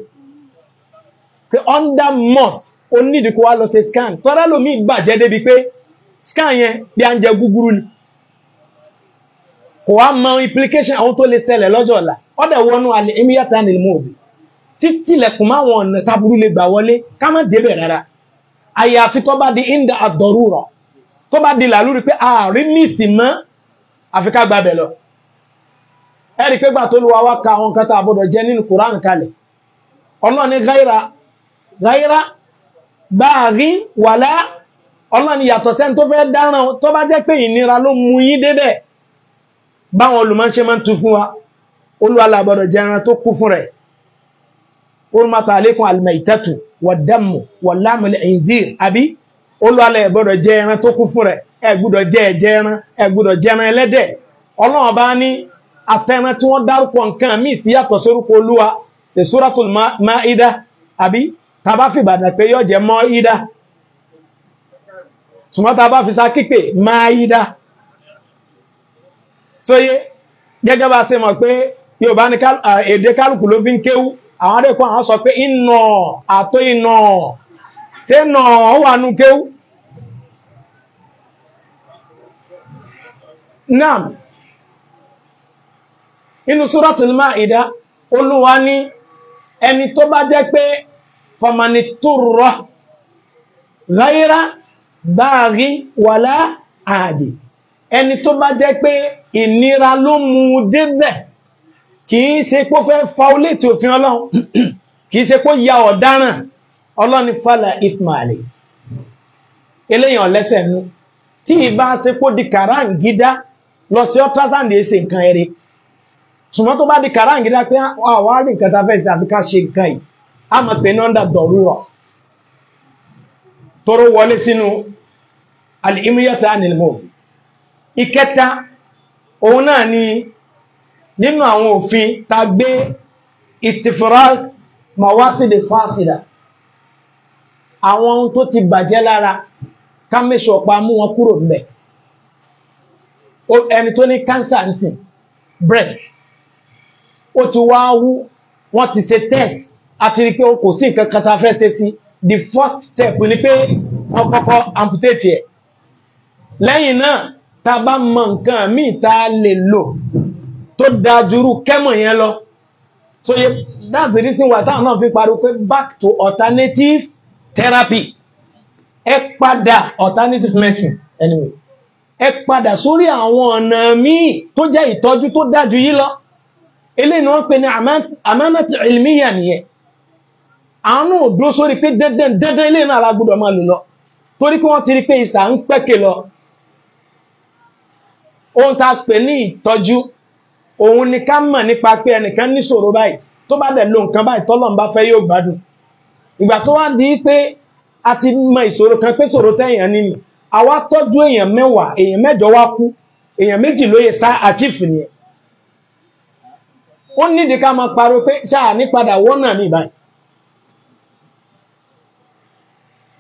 under must o nídìí kó wá lọ ṣe scan tọ́lá lómi ìgbàjẹ́ débi pé scan yẹn bí a ń jẹ gúgúrú ni kò wá mọ implication àwọn tó lè ṣẹlẹ̀ lọ́jọ́ ọ̀la ọ̀dẹ̀ wọnú alẹ́ emiyata ni mo bì títí lẹ̀kùn máwọn ọ̀nà taburú lè gbà wọlé ká má débẹ̀ rárá àyàfi tó bá di inda àdọ̀rú rọ̀ tó bá di làlúrí pé ààrí mísì mọ́ àfi ká gbàbẹ̀ lọ ẹ̀rí pé gbà tó lu wá ka àwọn nǹkan tá a gbọdọ̀ jẹ nínú Quran kalẹ̀ ọlọ́ni gáírà gáírà báàgín wàlá ọlọ́ni yàtọ̀ sẹ́ni tó fẹ́ dáràn tó bá jẹ́ pé ìnira ló mú yín débẹ̀ báwọn olùmọ́ṣe máa ń tu fún wa olùwàlàbọ̀dọ̀ jẹ ẹran tó kú fún rẹ̀ orúmọ́ta àlékún almaitatu wàdàmù wàlámùlẹ̀ ìzír àbí olùwàlàbọ̀dọ̀ jẹ ẹran tó kú fún rẹ̀ ẹ gbúdọ̀ jẹ ẹ̀jẹ̀ ẹran ẹ gbúdọ̀ jẹran ẹlẹ́dẹ̀ ọlọ́run bá ní àtẹran tí wọ́n dárúkọ nǹkan míì sí yàtọ̀ sórúkọ olúwa ṣe suratul maida àbí tá a bá fi ìbàdàn pé yóò jẹ maida ṣùgbọ́n tá a fi sa kípè maida sóyé gẹ́gẹ́ bá ṣe mọ̀ pé yorùbá ní èdè kálukú ló fi ń kéwú àwọn adékun àwọn sọ pé ìnà àtó ìnà ṣé nà ó wà nù kéwú Naam. Inú Súratul Ma'ida, Olúwa ní ẹni tó bá jẹ́ pé famani turra ghayra báàrí wàlá àdì. Ẹni tó bá jẹ́ pé ìnira ló mú débẹ̀ kìí ṣe pó fẹ́ fa olé tí òfin ọlọ́run kìí ṣe pó ya ọ̀daràn ọlọ́ni fàlà ìfmàlè eléyàn lẹ́sẹ̀ nú tí ìbá ṣe pó di kàrá ń gídá lọ sí ultrasound èsè nǹkan eré ṣùgbọ́n tó bá di kàráǹgídá pé àwọn ah, àrí nǹkan tá fẹ́ sí àfi ká ṣe nǹkan yìí a mọ̀ pé ní ọ̀ndà dọ̀rúrọ̀ tóró wọlé sínú alìmúyẹ́ta anìlmọ̀ ìkẹta òun náà ni nínú àwọn òfin tá gbé istifrak mawaside fasida àwọn ohun tó ti bàjẹ́ lára ká mẹ́ṣọ̀pá mú wọn kúrò níbẹ̀ ẹni tó ní cancer ń sìn breast ó ti wá wú wọ́n ti ṣe test àti rí pé o kò sí nǹkan kan tá a fẹ́ ṣe sí the first step ni pé wọ́n kọ́kọ́ amputate ẹ̀ lẹ́yìn náà tá a bá mọ nǹkan míì tá a lè lò tó dáa jùrú kẹ́mọ̀ yẹn lọ so that's the reason why táwọn náà fi pariwo pé back to alternative therapy ẹ padà alternative medicine anyway ẹ padà sórí àwọn ọ̀nà míì tó jẹ́ ìtọ́jú tó dájú yí lọ eléyìí ni wọ́n pè ní àmánàtì ìlmíyà nìyẹn àánú òdúró sórí pé dandan dandan eléyìí náà alágbọ́dọ̀ máa lò lọ torí pé wọ́n ti rí pé ìsà ń pẹ́kẹ̀ lọ ohun tá a pè ní ìtọ́jú òun ni ká mọ̀ nípa pé ẹnìkan níṣòro báyìí tó bá dẹ̀ lo nǹkan báyìí tọ́lọ́run bá fẹ́ yóò gbádùn ìgbà tó wá di pé a ti mọ ìṣòro kan pé ṣòro tẹ̀yàn nínú àwa tọ́jú èèyàn mẹ́wàá èèyàn mẹ́jọ wá kú èèyàn méjì lóye sá àchífù nìyẹn ó nídi ká máa pariwo pé ṣáà ní padà wọ́nà ní ìbáyìí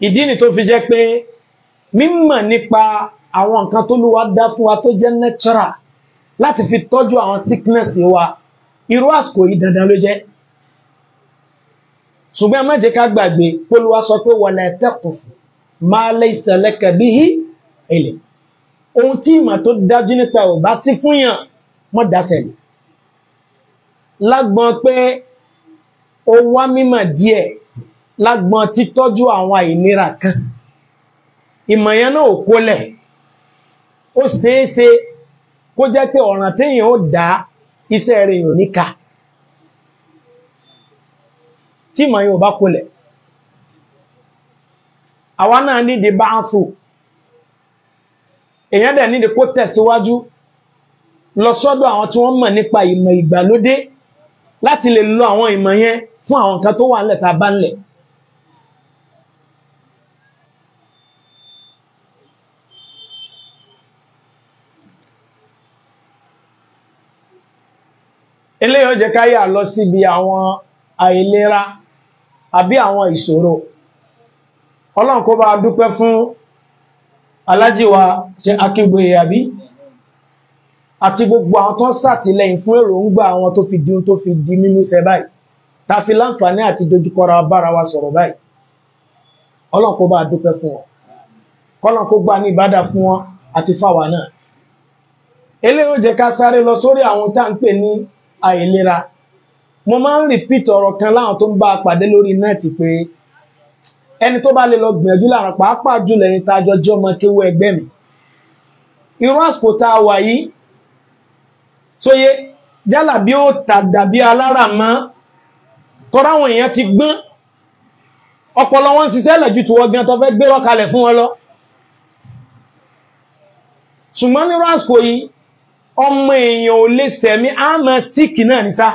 ìdí ni tó fi jẹ́ pé mímọ̀ nípa àwọn nǹkan tó lúwa dá fún wa tó jẹ́ natural láti fi tọ́jú àwọn sickness wa irú àsìkò yìí dandan ló jẹ́ ṣùgbọ́n má jẹ́ ká gbàgbé pólúwa sọ pé wala taqfu ma laysa bihi ilm ohun tí ìmọ̀ tó dájú nípa ò bá sí fún yàn mọ́ dáṣẹ̀ lè lágbọn pé ó wá mímọ̀ díẹ̀ lágbọn títọ́jú àwọn àìníra kan ìmọ̀ yẹn náà ò kólẹ̀ ó ṣeéṣe kó jẹ́ pé ọ̀ràn téèyàn ó dá iṣẹ́ rẹ̀ yàn níka tí ìmọ̀ yẹn ò bá kólẹ̀ àwa náà nídi báńtù èyàn dẹ̀ nídi kó tẹ̀síwájú lọ sọ́dọ̀ àwọn tí wọ́n mọ̀ nípa ìmọ̀ ìgbàlódé láti lè lo àwọn ìmọ̀ yẹn fún àwọn nǹkan tó wà nílẹ̀ tá bá nílẹ̀ eléyìí ó jẹ́ ká lọ síbi àwọn àìlera àbí àwọn ìṣòro ọlọ́run kó bá dúpẹ́ fún alájíwa ṣe akígbe àbí àti gbogbo àwọn tó ń sàtìlẹ́yìn fún èròǹgbà àwọn tó fi di ohun tó fi di mímú ṣẹ báyìí ta fi láǹfààní àti dojúkọra bára wa sọ̀rọ̀ báyìí ọlọ́run kó bá dúpẹ́ fún wọn kọ́lọ́n kó gbà ní ìbádà fún wọn àti fáwa náà eléyìí ó jẹ́ ká ẹni tó bá lè lọ gbìyànjú láàrin pàápàá jùlọ ẹ̀yin tá a jọ jẹ́ ọmọ kéwú ẹgbẹ́ mi irú àsìkò tá a wà yìí sóye yálà bí ó tà dàbí alára mọ́ tọ́ra àwọn èèyàn ti gbọ́n ọpọlọ wọn ń ṣiṣẹ́ lẹ̀jú tó wọ́n gan tó fẹ́ gbé rọ́kalẹ̀ fún wọn lọ ṣùgbọ́n nírú àsìkò yìí ọmọ èèyàn ò lè sẹ̀mí àmọ́ síkì náà ní sáà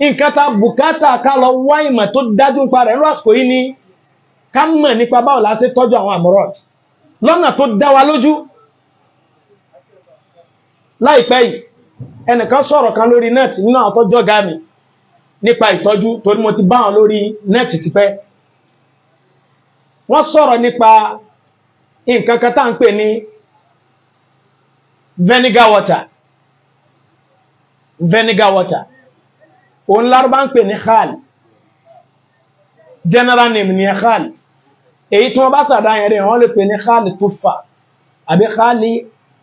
nǹkan ta bùkátà ká lọ wá ìmọ̀ tó dájú àsìkò yìí ni ká mọ̀ nípa báwo la ṣe tọ́jú àwọn àmúrọ̀d lọ́nà tó dá wa lójú láìpẹ́ yìí ẹnìkan sọ̀rọ̀ kan lórí nẹ́ẹ̀tì nínú àwọn mi nípa ìtọ́jú torí mo ti bá wọn lórí nẹ́ẹ̀tì tipẹ́ wọ́n sọ̀rọ̀ nípa nǹkan kan tá ń pè ní vinegar vinegar water òun lárúbá ń pè ní khal general name ni khal èyí tí wọ́n bá sàdá yẹn wọ́n lè pè ní khal tufa àbí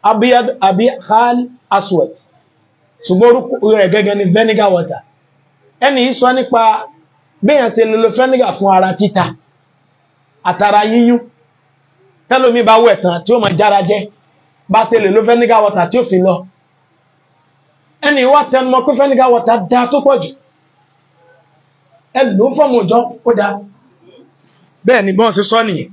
abiyad àbí khal aswad ṣùgbọ́n orúkọ rẹ̀ gẹ́gẹ́ ni vinegar water ẹni yìí sọ nípa béèyàn ṣe lè lo vinegar fún ara títa àtara yíyún tẹ́lómi bá wẹ̀ tán tí ó máa jára jẹ́ bá ṣe lè lo water tí ó fi lọ ẹni wá tẹnumọ́ pé fẹ́nìká wọ̀ta dá tó pọ̀ jù ẹlò fọ́mù ìjọ ó dá bẹ́ẹ̀ ni bọ́n sí sọ nìyẹn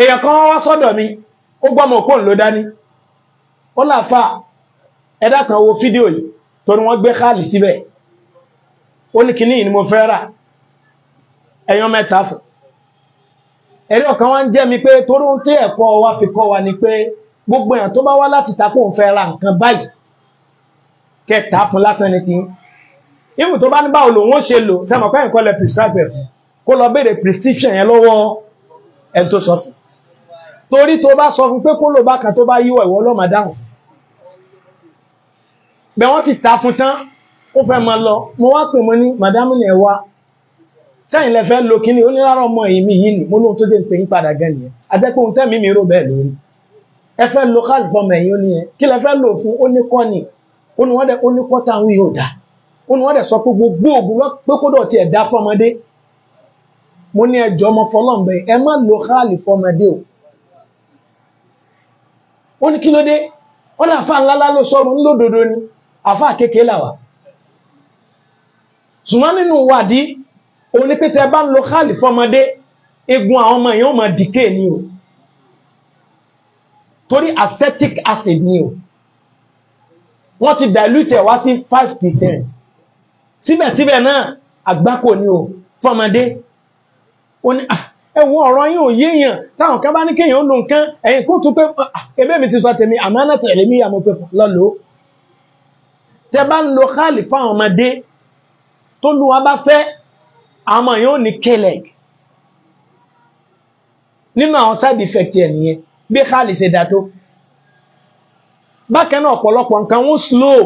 èèyàn kan wá sọ́dọ̀ mi ó gbọ́mọ̀ kó ló dání ó láfà ẹ̀dá kan wo fídíò yìí tó ní gbé káàlì síbẹ̀ ó ní kìíní ni mo fẹ́ rà ẹ̀yàn mẹ́ta fún ẹ̀rí ọ̀kan wá ń jẹ́ mi pé torí tí ẹ̀kọ́ wa fi kọ́ wa ni pé gbogbo èèyàn tó bá wá láti takò ń fẹ́ ra nǹkan báyìí kẹta fún lásán ni ti ń ìwù tó bá ní báwo lòun ó ṣe lò sẹ́mọ̀ pé nǹkan lẹ prescribe fún kó lọ béèrè prescription yẹn lọ́wọ́ ẹni tó sọ fún torí tó bá sọ fún pé kó lò bákan tó bá yíwọ ìwọ ọlọ́mà dáhùn fún wọ́n ti ta fún tán ó fẹ́ máa lọ mo wá pè mo ní madam ni ẹ wá sẹ́yìn lẹ fẹ́ lo kíní ọmọ yìí mi yìí ni mo tó dé yín padà gan ohun tẹ́mi mi rò bẹ́ẹ̀ lórí ẹ fẹ́ lo ẹ̀yìn ó nìyẹn kí lẹ fẹ́ fún yóò dá sọ pé gbogbo ògùn lọ pé dá fọmọdé mo ní ẹjọ́ ọmọ fọlọ́m̀bẹ ẹ má lo káàdì o ó ní kí ó ní àfa ńláńlá ló sọ̀rọ̀ ńlódodo òun ni pé tẹ bá ń lo káàlì fọmọdé egun àwọn ọmọ èèyàn máa dìké ni o torí acetic acid ni o wọ́n ti dilute wá sí five percent síbẹ̀síbẹ̀ náà àgbákò ni o fọmọdé ó ní ah, ẹwọ ọ̀rọ̀ yín ò yéèyàn táwọn kan bá ní kéèyàn ó lo nǹkan ẹ̀yìn kó tún pé ẹgbẹ́ ah, ah, mi ti sọ tèmi àmọ́ náà tẹ̀lé mi yà mọ́ pé lọ́lọ́ tẹ bá ń lo káàlì fáwọn ọmọdé tó lu wa bá fẹ́ àmọ́ yóò ní K-leg nínú àwọn side effect ẹ̀ nìyẹn bí káàlì ṣe dà tó bákan náà ọ̀pọ̀lọpọ̀ nǹkan wọ́n slow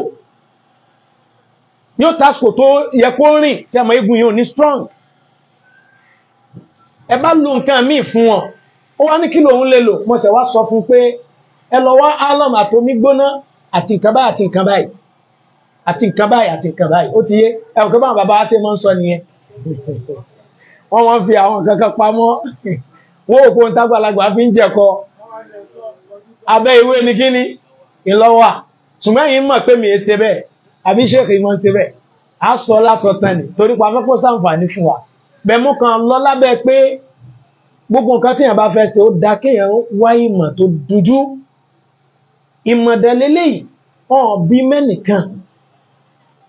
yóò tásìkò tó yẹ kó rìn tí a mọ̀ yóò ní strong ẹ bá lo nǹkan míì fún wọn ó wá ní kí lòun lè lò mo ṣẹ̀ wá sọ fún pé ẹ lọ wá álọ̀mù àtomi gbóná àti nǹkan báyìí àti nǹkan báyìí àti nǹkan báyìí àti nǹkan báyìí ó ti yé ẹ̀wọ̀n kí báwọn bàbá wa ṣe máa ń sọ nìyẹn wọ́n máa ń fi àwọn kankan pamọ́ wọ́n ò kó ń tágbàlagbà fi ń jẹ̀kọ abẹ́ ìwé ni kí ni ìlọ́wà ṣùgbọ́n yìí mọ̀ pé mi è ṣe bẹ́ẹ̀ àbí ṣèkì mọ́ ṣe bẹ́ẹ̀ á sọ lásọ tán ni torí pa afẹ́pọ̀ sàǹfààní fún wa bẹ̀mú kan lọ lábẹ́ pé gbogbo nǹkan tíyàn bá fẹ́ ṣe ó da kéèyàn wá ìmọ̀ tó dúdú ìmọ̀dẹ̀lélẹ́yìí ọ̀ bí mẹ́nìkan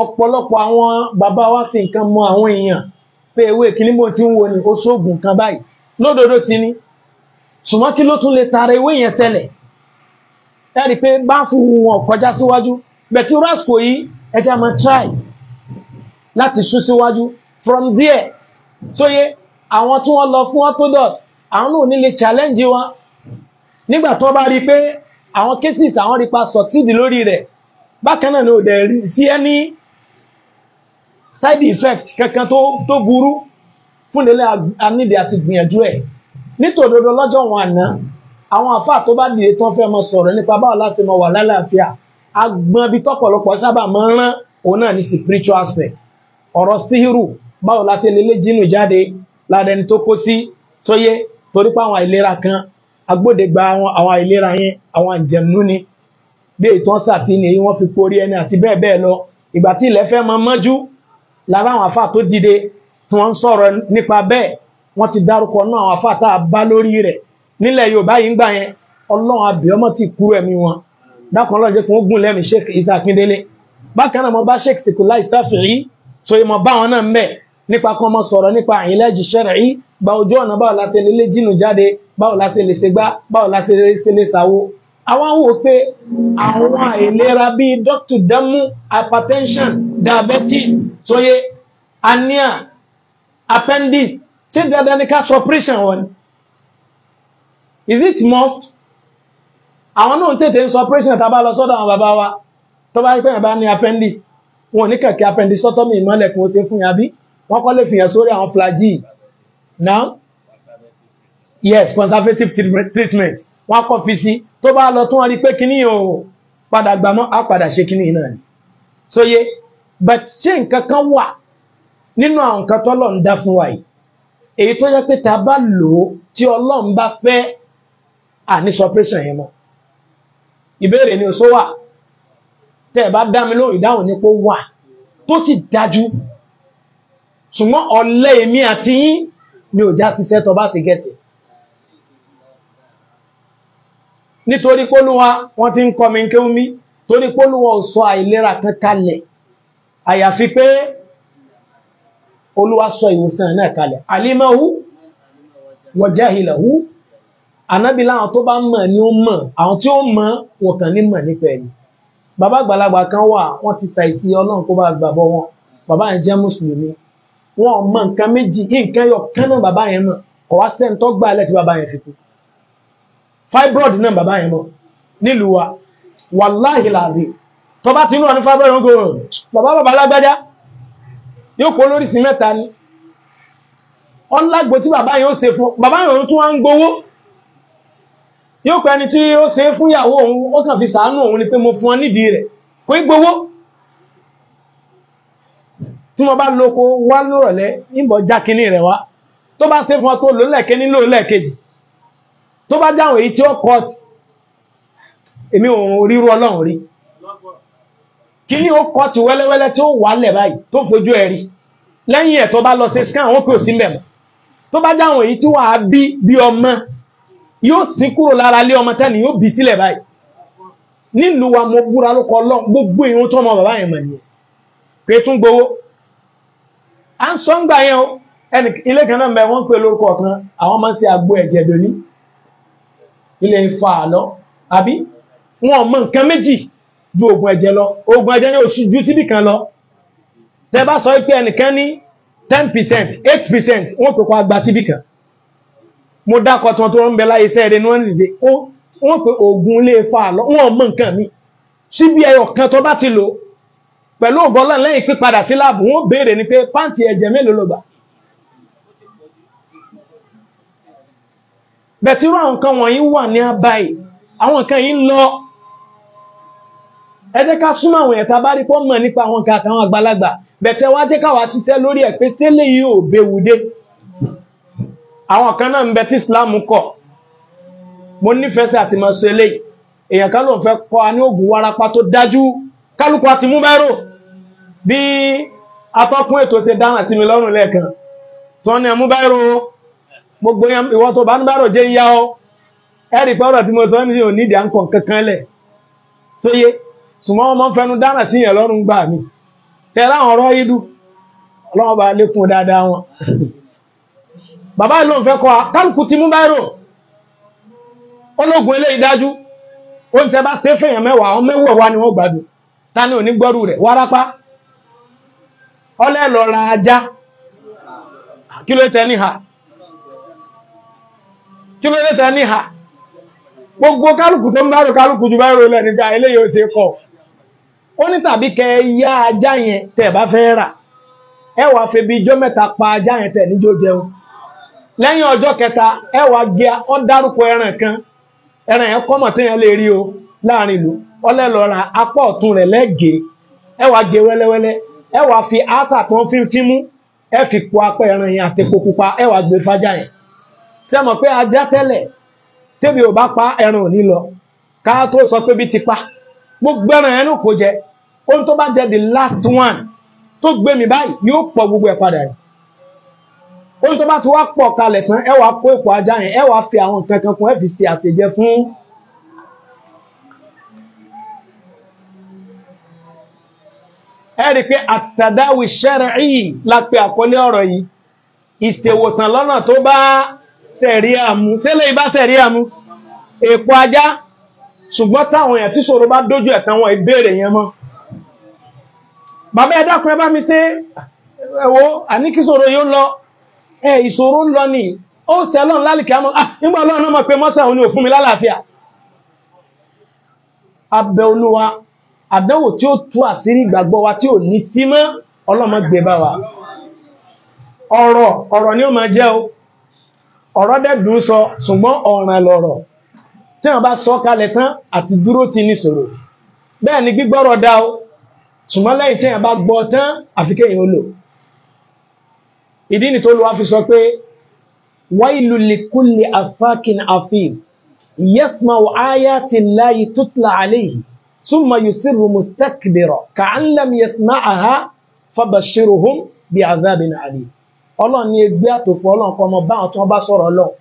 ọ̀pọ̀lọpọ̀ àwọn bàbá wa fi nǹkan mọ àwọn èèyàn pé ewé kìnnìbò tí ń wo ni ó ṣoògùn kan báyìí lódodo sí ni ṣùgbọ́n kí ló tún lè tara ewé yẹn ṣẹlẹ̀ ẹ rí i pé bá fún wọn kọjá síwájú bẹ̀tí rásìkò yìí ẹ jẹ́ àmọ́ try láti sún síwájú from there sóye àwọn tí wọ́n lọ fún orthodox àwọn náà nílé challenge wọn nígbà tó bá rí i pé àwọn cases àwọn rí pa succeed lórí rẹ̀ bákan náà ni ò dẹ̀ sí ẹni side effect kankan tó tó burú fún délé anídìí àti gbìyànjú ẹ̀ nítòdodo lọ́jọ́ wọn àná àwọn àfáà tó bá dìde tán fẹ́ mọ sọ̀rọ̀ nípa báwo láti mọ wà lálàáfíà agbọn ibi sábà máa ń rán òun náà ní spiritual aspect ọ̀rọ̀ síhìrù báwo láti lélé jínú jáde lára ẹni tó kó sí tóyé torí pé àwọn àìlera kan agbódegba àwọn àìlera yẹn àwọn àǹjẹ̀nú ni bí ètò ọ̀sà sí ni èyí wọ́n fi porí ẹni àti bẹ́ẹ̀ bẹ́ẹ̀ lọ ìgbà tí ilẹ̀ fẹ́ mọ mọ́jú lára àwọn àfà tó dìde tí wọ́n ń sọ̀rọ̀ nípa bẹ́ẹ̀ wọ́n ti dárúkọ náà àwọn àfà tá a bá lórí rẹ̀ nílẹ̀ Yorùbá yìí ń gbà yẹn Ọlọ́run abiyọ́mọ́ ti kúrò ẹ̀mí wọn dákan Ọlọ́run jẹ́ wọ́n gùn lẹ́mìí Sheikh Isa Akindele bákan náà mo bá Sheikh Sikulai Safi'i tó yẹ mọ báwọn náà mẹ́ẹ̀ nípa kan mọ sọ̀rọ̀ nípa ìlẹ́jì ṣẹ̀rẹ̀ yìí gba ojú ọ̀nà báwo la ṣe lé jìnnù jáde báwo la ṣe lè ṣe gbá báwo la ṣe lè ṣe àwọn wò pé àwọn àìlera bíi dr damu hypertension diabetes sóyè anemia appendix ṣé dandan ni ká sọ operation wọn is it must àwọn náà ń tètè ń sọ operation tá a bá lọ sọ́dọ̀ àwọn bàbá wa tó bá pẹ́yìn bá ní appendix wọn ò ní kẹ̀kẹ́ appendixotomy ìmọ̀lẹ̀ kò ṣe fún yàn bí wọ́n kọ́ lè fìyàn sórí àwọn flagyl now yes conservative treatment wọ́n kọ́ fi sí tó bá lọ tún rí pé kíní o padà gbà mọ́ á padà ṣe kíní náà ni so yé but ṣé nǹkan kan wà nínú àwọn nǹkan tọ́lọ̀ ń dá fún wa yìí èyí tó jẹ́ pé ta bá lò ó tí ọlọ́run bá fẹ́ àní suppression yẹn mọ́ ìbéèrè ni òṣó wà tẹ́ ẹ̀ bá dá mi lóhùn ìdáhùn ní pé wà tó sì dájú ṣùgbọ́n ọ̀lẹ́ èmi àti yín mi ò já ṣiṣẹ́ tó bá sì gẹ̀tì nítorí pólúwa wọ́n ti ń kọmi kéwúmí torí pólúwa ò sọ àìlera kan kalẹ̀ àyàfi pé olúwa sọ ìwòsàn náà kalẹ̀ alimahu wajahilahu anábì láwọn tó bá mọ̀ ni ó mọ̀ àwọn tí ó mọ̀ wọn kàn ní mọ̀ nípa ẹ̀yìn bàbá àgbàlagbà kan wà wọ́n ti ṣàìsí ọlọ́run kó bá gbàgbọ́ wọn bàbá yẹn jẹ́ mùsùlùmí wọn mọ̀ nǹkan méjì nǹkan yọ kánà bàbá yẹn mọ̀ kọ̀wá sẹ́ńtọ́ gbà lẹ́tí bàbá yẹn fi kú fibroid náà bàbá yẹn mọ́ nílùú wa wàláhì láàrí tó bá ti ń rọ̀ ní fibroid ń gòrò bàbá bàbá lágbájá yóò pọ̀ lórí sí mẹ́ta ni ọlágbò tí bàbá yẹn ó ṣe fún bàbá yẹn tún wá ń gbowó yóò pẹ́ ni tí ó ṣe fún ìyàwó òun ó kàn fi sàánú òun ni pé mo fún ọ nídìí rẹ̀ kò í gbowó tí mo bá lóko wá lórọ̀lẹ́ níbọ̀ já kinní rẹ̀ wá tó bá ṣe fún ọ tó lò lẹ́ẹ̀kẹ́ nílò lẹ́ẹ̀kejì tó bá jáwọn èyí tí ó kọ́ọ̀tì èmi òun ríru ọlọ́run rí kí ní ó kọ́ọ̀tì wẹ́lẹ́wẹ́lẹ́ tí ó wálẹ̀ báyìí tó fojú ẹ̀ rí lẹ́yìn ẹ̀ tó bá lọ sí scan wọn kò sí mẹ́mọ́ tó bá jáwọn èyí tí wàá bí bí ọmọ yóò sì kúrò lára lé ọmọ tẹ́ni yóò bí sílẹ̀ báyìí nílùú wa mo búra lókọ ọlọ́run gbogbo ìrún tọ́mọ bàbá yẹn mọ̀ nìyẹn pé tún gbowó à ń sọ ń gbà yẹn o ilé kan náà mẹ́ wọ́n pè lórúkọ kan àwọn máa ń ṣe àgbo ẹ̀jẹ̀ dòní ilẹ̀ Ifá lọ àbí wọn mọ nǹkan méjì ju oògùn ẹ̀jẹ̀ lọ oògùn ẹ̀jẹ̀ ní oṣù ju síbì kan lọ tẹ bá sọ pé ẹnìkan ní 10% percent eight percent wọn pè kó agba síbì kan mo dákọ̀ tí wọn tó ń bẹ láyé iṣẹ́ ẹ̀rẹ́ ni wọ́n dìde wọn pè oògùn ilé Ifá lọ wọn mọ nǹkan mi síbi ẹyọ kan tó bá ti lò pẹ̀lú ògbọ́lá lẹ́yìn pípadà sí láàbù wọn béèrè ni pé pàǹtì ẹ̀jẹ̀ mélòó ló gbà bẹ̀tírú àwọn nǹkan wọ̀nyí wà ní abáyì àwọn nǹkan yìí ń lọ ẹ jẹ́ ká súnmọ́ àwọn ẹ̀ta bá rí pọ́ mọ̀ nípa àwọn nǹkan àtàwọn àgbàlagbà bẹ̀tẹ̀ wá jẹ́ káwà ṣiṣẹ́ lórí ẹ̀ pé sẹ́lẹ̀ yìí ò bewude àwọn kan náà ń bẹ tí Islam kọ̀ mo nífẹ̀ẹ́ sí àti máa ṣe eléyìí èèyàn kan ló fẹ́ kọ́ a ní oògùn warapa tó dájú kálukú àti mú bí atọ́kùn ètò ṣe dáhùn sí mi lọ́rùn lẹ́ẹ̀kan tí ní ẹ mú gbogbo ìwọ́n tó bá ń bárò jẹ́ yá ọ́ ẹ̀rì pé ọ̀rọ̀ tí mo sọ ní ò nídìí à ń kàn kankan lẹ̀ tó yé ṣùgbọ́n ọmọ fẹnu dára sí yẹn lọ́rùn gbà mí tẹ láwọn ọ̀rọ̀ yìí dù ọlọ́run bá lékún dáadáa wọn. bàbá ìlú òun fẹ́ kọ́ kálukú ti mú bárò ológun eléyìí dájú ó ni wọ́n ta ni ò ní gbọ́rù rẹ̀ wárápá ọlẹ́ ha kí ló dé gbogbo kálukú tó ń bá rò kálukú ju báyìí rọlẹ̀ nígbà eléyìí ó ṣe kọ ó ní tàbí kẹ ya ajá yẹn bá rà ẹ wàá fi bí ijọ́ mẹ́ta pa ajá yẹn tẹ́ níjó jẹun lẹ́yìn ọjọ́ kẹta ẹ wàá ọ dárúkọ ẹran kan ẹran yẹn kọ́mọ̀ téèyàn lè rí o láàrin ìlú apá ẹ ṣé mọ̀ pé ajá tẹ́lẹ̀ tẹ́bi ò bá pa ẹran ò ní lọ ká tó sọ pé bí ti pa mo gbẹ́ran ẹnu kò jẹ ohun tó bá jẹ the last one tó gbé mi báyìí yóò pọ̀ gbogbo ẹ̀ padà rẹ̀ ohun tó bá ti wá pọ̀ kalẹ̀ tán ẹ wàá kó èkó ajá yẹn ẹ wàá fi àwọn nǹkan kan kún ẹ fi ṣe àṣejẹ fún ẹ rí i pé àtàdáwì ṣẹ́rẹ̀ yìí la pe àkọlé ọ̀rọ̀ yìí ìṣèwòsàn lọ́nà tó bá sẹ̀rí àmú sẹ́lẹ̀ ibá sẹ̀rí àmú èpo ajá ṣùgbọ́n táwọn èèyàn tí ṣòro bá dójú ẹ̀ táwọn ìbéèrè yẹn mọ́ mi ṣe yóò lọ ẹ ìṣòro ń lọ ni ó sẹ́lọ̀n lálìkẹ́ àmọ́ ah, nígbà ọlọ́run náà mọ̀ pé mọ́sà òun ni ò fún mi lálàáfíà abẹ olúwa àdánwò tí ó tú àṣírí ìgbàgbọ́ wa tí ò ní sí mọ́ ọlọ́mọ gbé wa ọ̀rọ̀ ọ̀rọ̀ ni ó máa jẹ́ o ọ̀rọ̀ dẹ̀dù sọ ṣùgbọ́n ọ̀ràn lọ̀rọ̀ tí wọ́n bá sọ kalẹ̀ tán àti dúró ti ní ṣòro bẹ́ẹ̀ ni gbígbọ́rọ̀ dá o ṣùgbọ́n lẹ́yìn tí wọ́n bá gbọ́ tán àfi kéèyàn lò ìdí ni tó lu wa fi sọ pé wailu likulli afakin afim yasma'u ayati llahi tutla alayhi thumma yusirru mustakbira ka'an lam yasma'aha fabashshirhum bi'adhabin alim ọlọ́run ní ẹgbẹ́ àtòfò ọlọ́run kan ọmọ báwọn tí wọ́n bá sọ̀rọ̀ ọlọ́run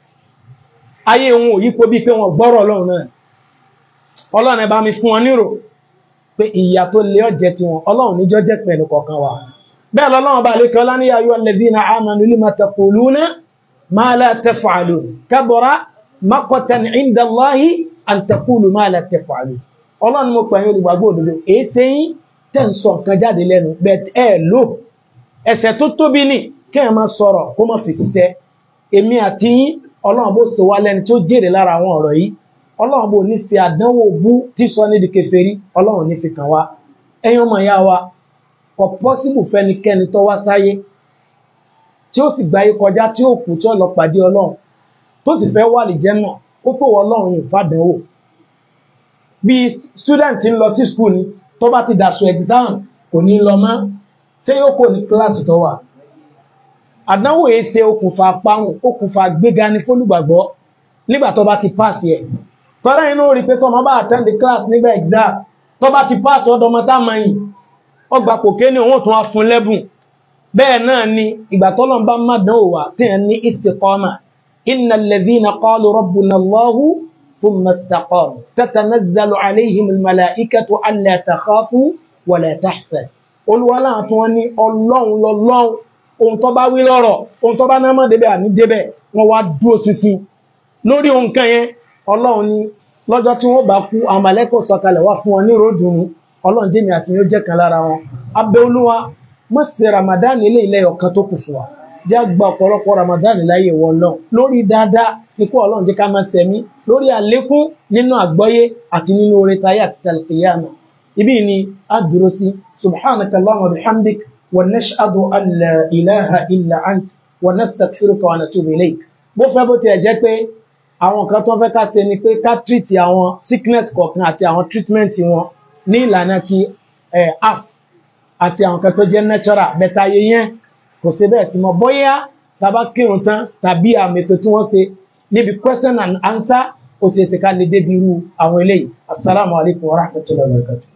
ayé wọn ò yípo bíi pé wọn gbọ́rọ̀ ọlọ́run náà ọlọ́run ẹ bá mi fún wọn nírò pé ìyà tó lé ọ̀jẹ̀ tiwọn ọlọ́run níjọ́ jẹ́ pẹ̀lú kọ̀ọ̀kan wa bẹ́ẹ̀ lọ́lọ́run bá lè kọ́ láníyà yọ lẹ́dínà àmàlú lima taquluna ma la taf'alun kabura maqtan inda Allahi an taqulu tó tóbi ni kẹ́ẹ̀ máa sọ̀rọ̀ kó má fi ṣiṣẹ́ èmi àti yín ọlọ́run bó ṣe wá lẹ́ni tó jèrè lára àwọn ọ̀rọ̀ yìí ọlọ́run bó ní fi àdánwò bú tí sọ ní di kèfèrí ọlọ́run ní fi kàn wá ẹ̀yin ọmọ ìyá wa kò pọ́síbù fẹ́nikẹ́ni tó wá sáyé tí ó sì gbáyé kọjá tí ó kù tí ó lọ pàdé ọlọ́run tó sì fẹ́ wà lè jẹ́ náà ó pò wọ ọlọ́run ìfàdánwò bí student ń lọ sí school ni tó bá ti dàsù exam kò ní lọ mọ́ ṣé yóò kò ní kíláàsì tó wà àdánwò yìí ṣe okùnfà pahùn okùnfà gbéga ní fólùgbàgbọ́ nígbà tó bá ti pass yẹ tọ́lá inú rí pé tọ́mọ bá attend class nígbà exam tó bá ti pass ọ̀dọ̀ ọmọ táàmà yìí ọgbà kòkè ní òun tún wá fún lẹ́bùn bẹ́ẹ̀ náà ni ìgbà tọ́lọ́ bá má dán tí ohun tó bá wí lọ́rọ̀ ohun tó bá náà mọ̀ débẹ̀ àní débẹ̀ wọ́n wá dúró ṣinṣin lórí ohun kan yẹn ọlọ́run ni lọ́jọ́ tí wọ́n bá kú àwọn màlẹ́kọ̀ sọ̀kalẹ̀ wá fún wọn ní ròdùnú ọlọ́run jẹ́mi àti yóò jẹ́ kan lára wọn abẹ́ olúwa má ṣe ramadan ilé ilẹ̀ ọ̀kan tó kù fún wa jẹ́ àgbà ọ̀pọ̀lọpọ̀ ramadan láyé wọn lọ lórí dáadáa ní kó ọlọ́run jẹ́ ká máa ṣẹ̀mí lórí àlékún nínú àgbọ́yé àti nínú oore tayé àti tàlùkìyàmù ibi ni a dúró sí subhanakallahumma wa bihamdik ونشهد أن لا إله إلا أنت ونستغفرك ونتوب إليك bó fẹ́ bó tiẹ̀ jẹ́ pé àwọn kan tó fẹ́ ká ṣe ni pé ká treat àwọn sickness kọ̀ọ̀kan àti àwọn treatment wọn ní ìlànà ti apps àti àwọn kan tó jẹ́ natural bẹ́tà ayé yẹn kò ṣe bẹ́ẹ̀ sí mọ́ bóyá tàbá kírun tán tàbí àmì ètò tí wọ́n ṣe níbi question and answer ó ṣe é ṣe ká lè débi irú àwọn eléyìí asalaamualeykum wa rahmatulahi wa barakatuh.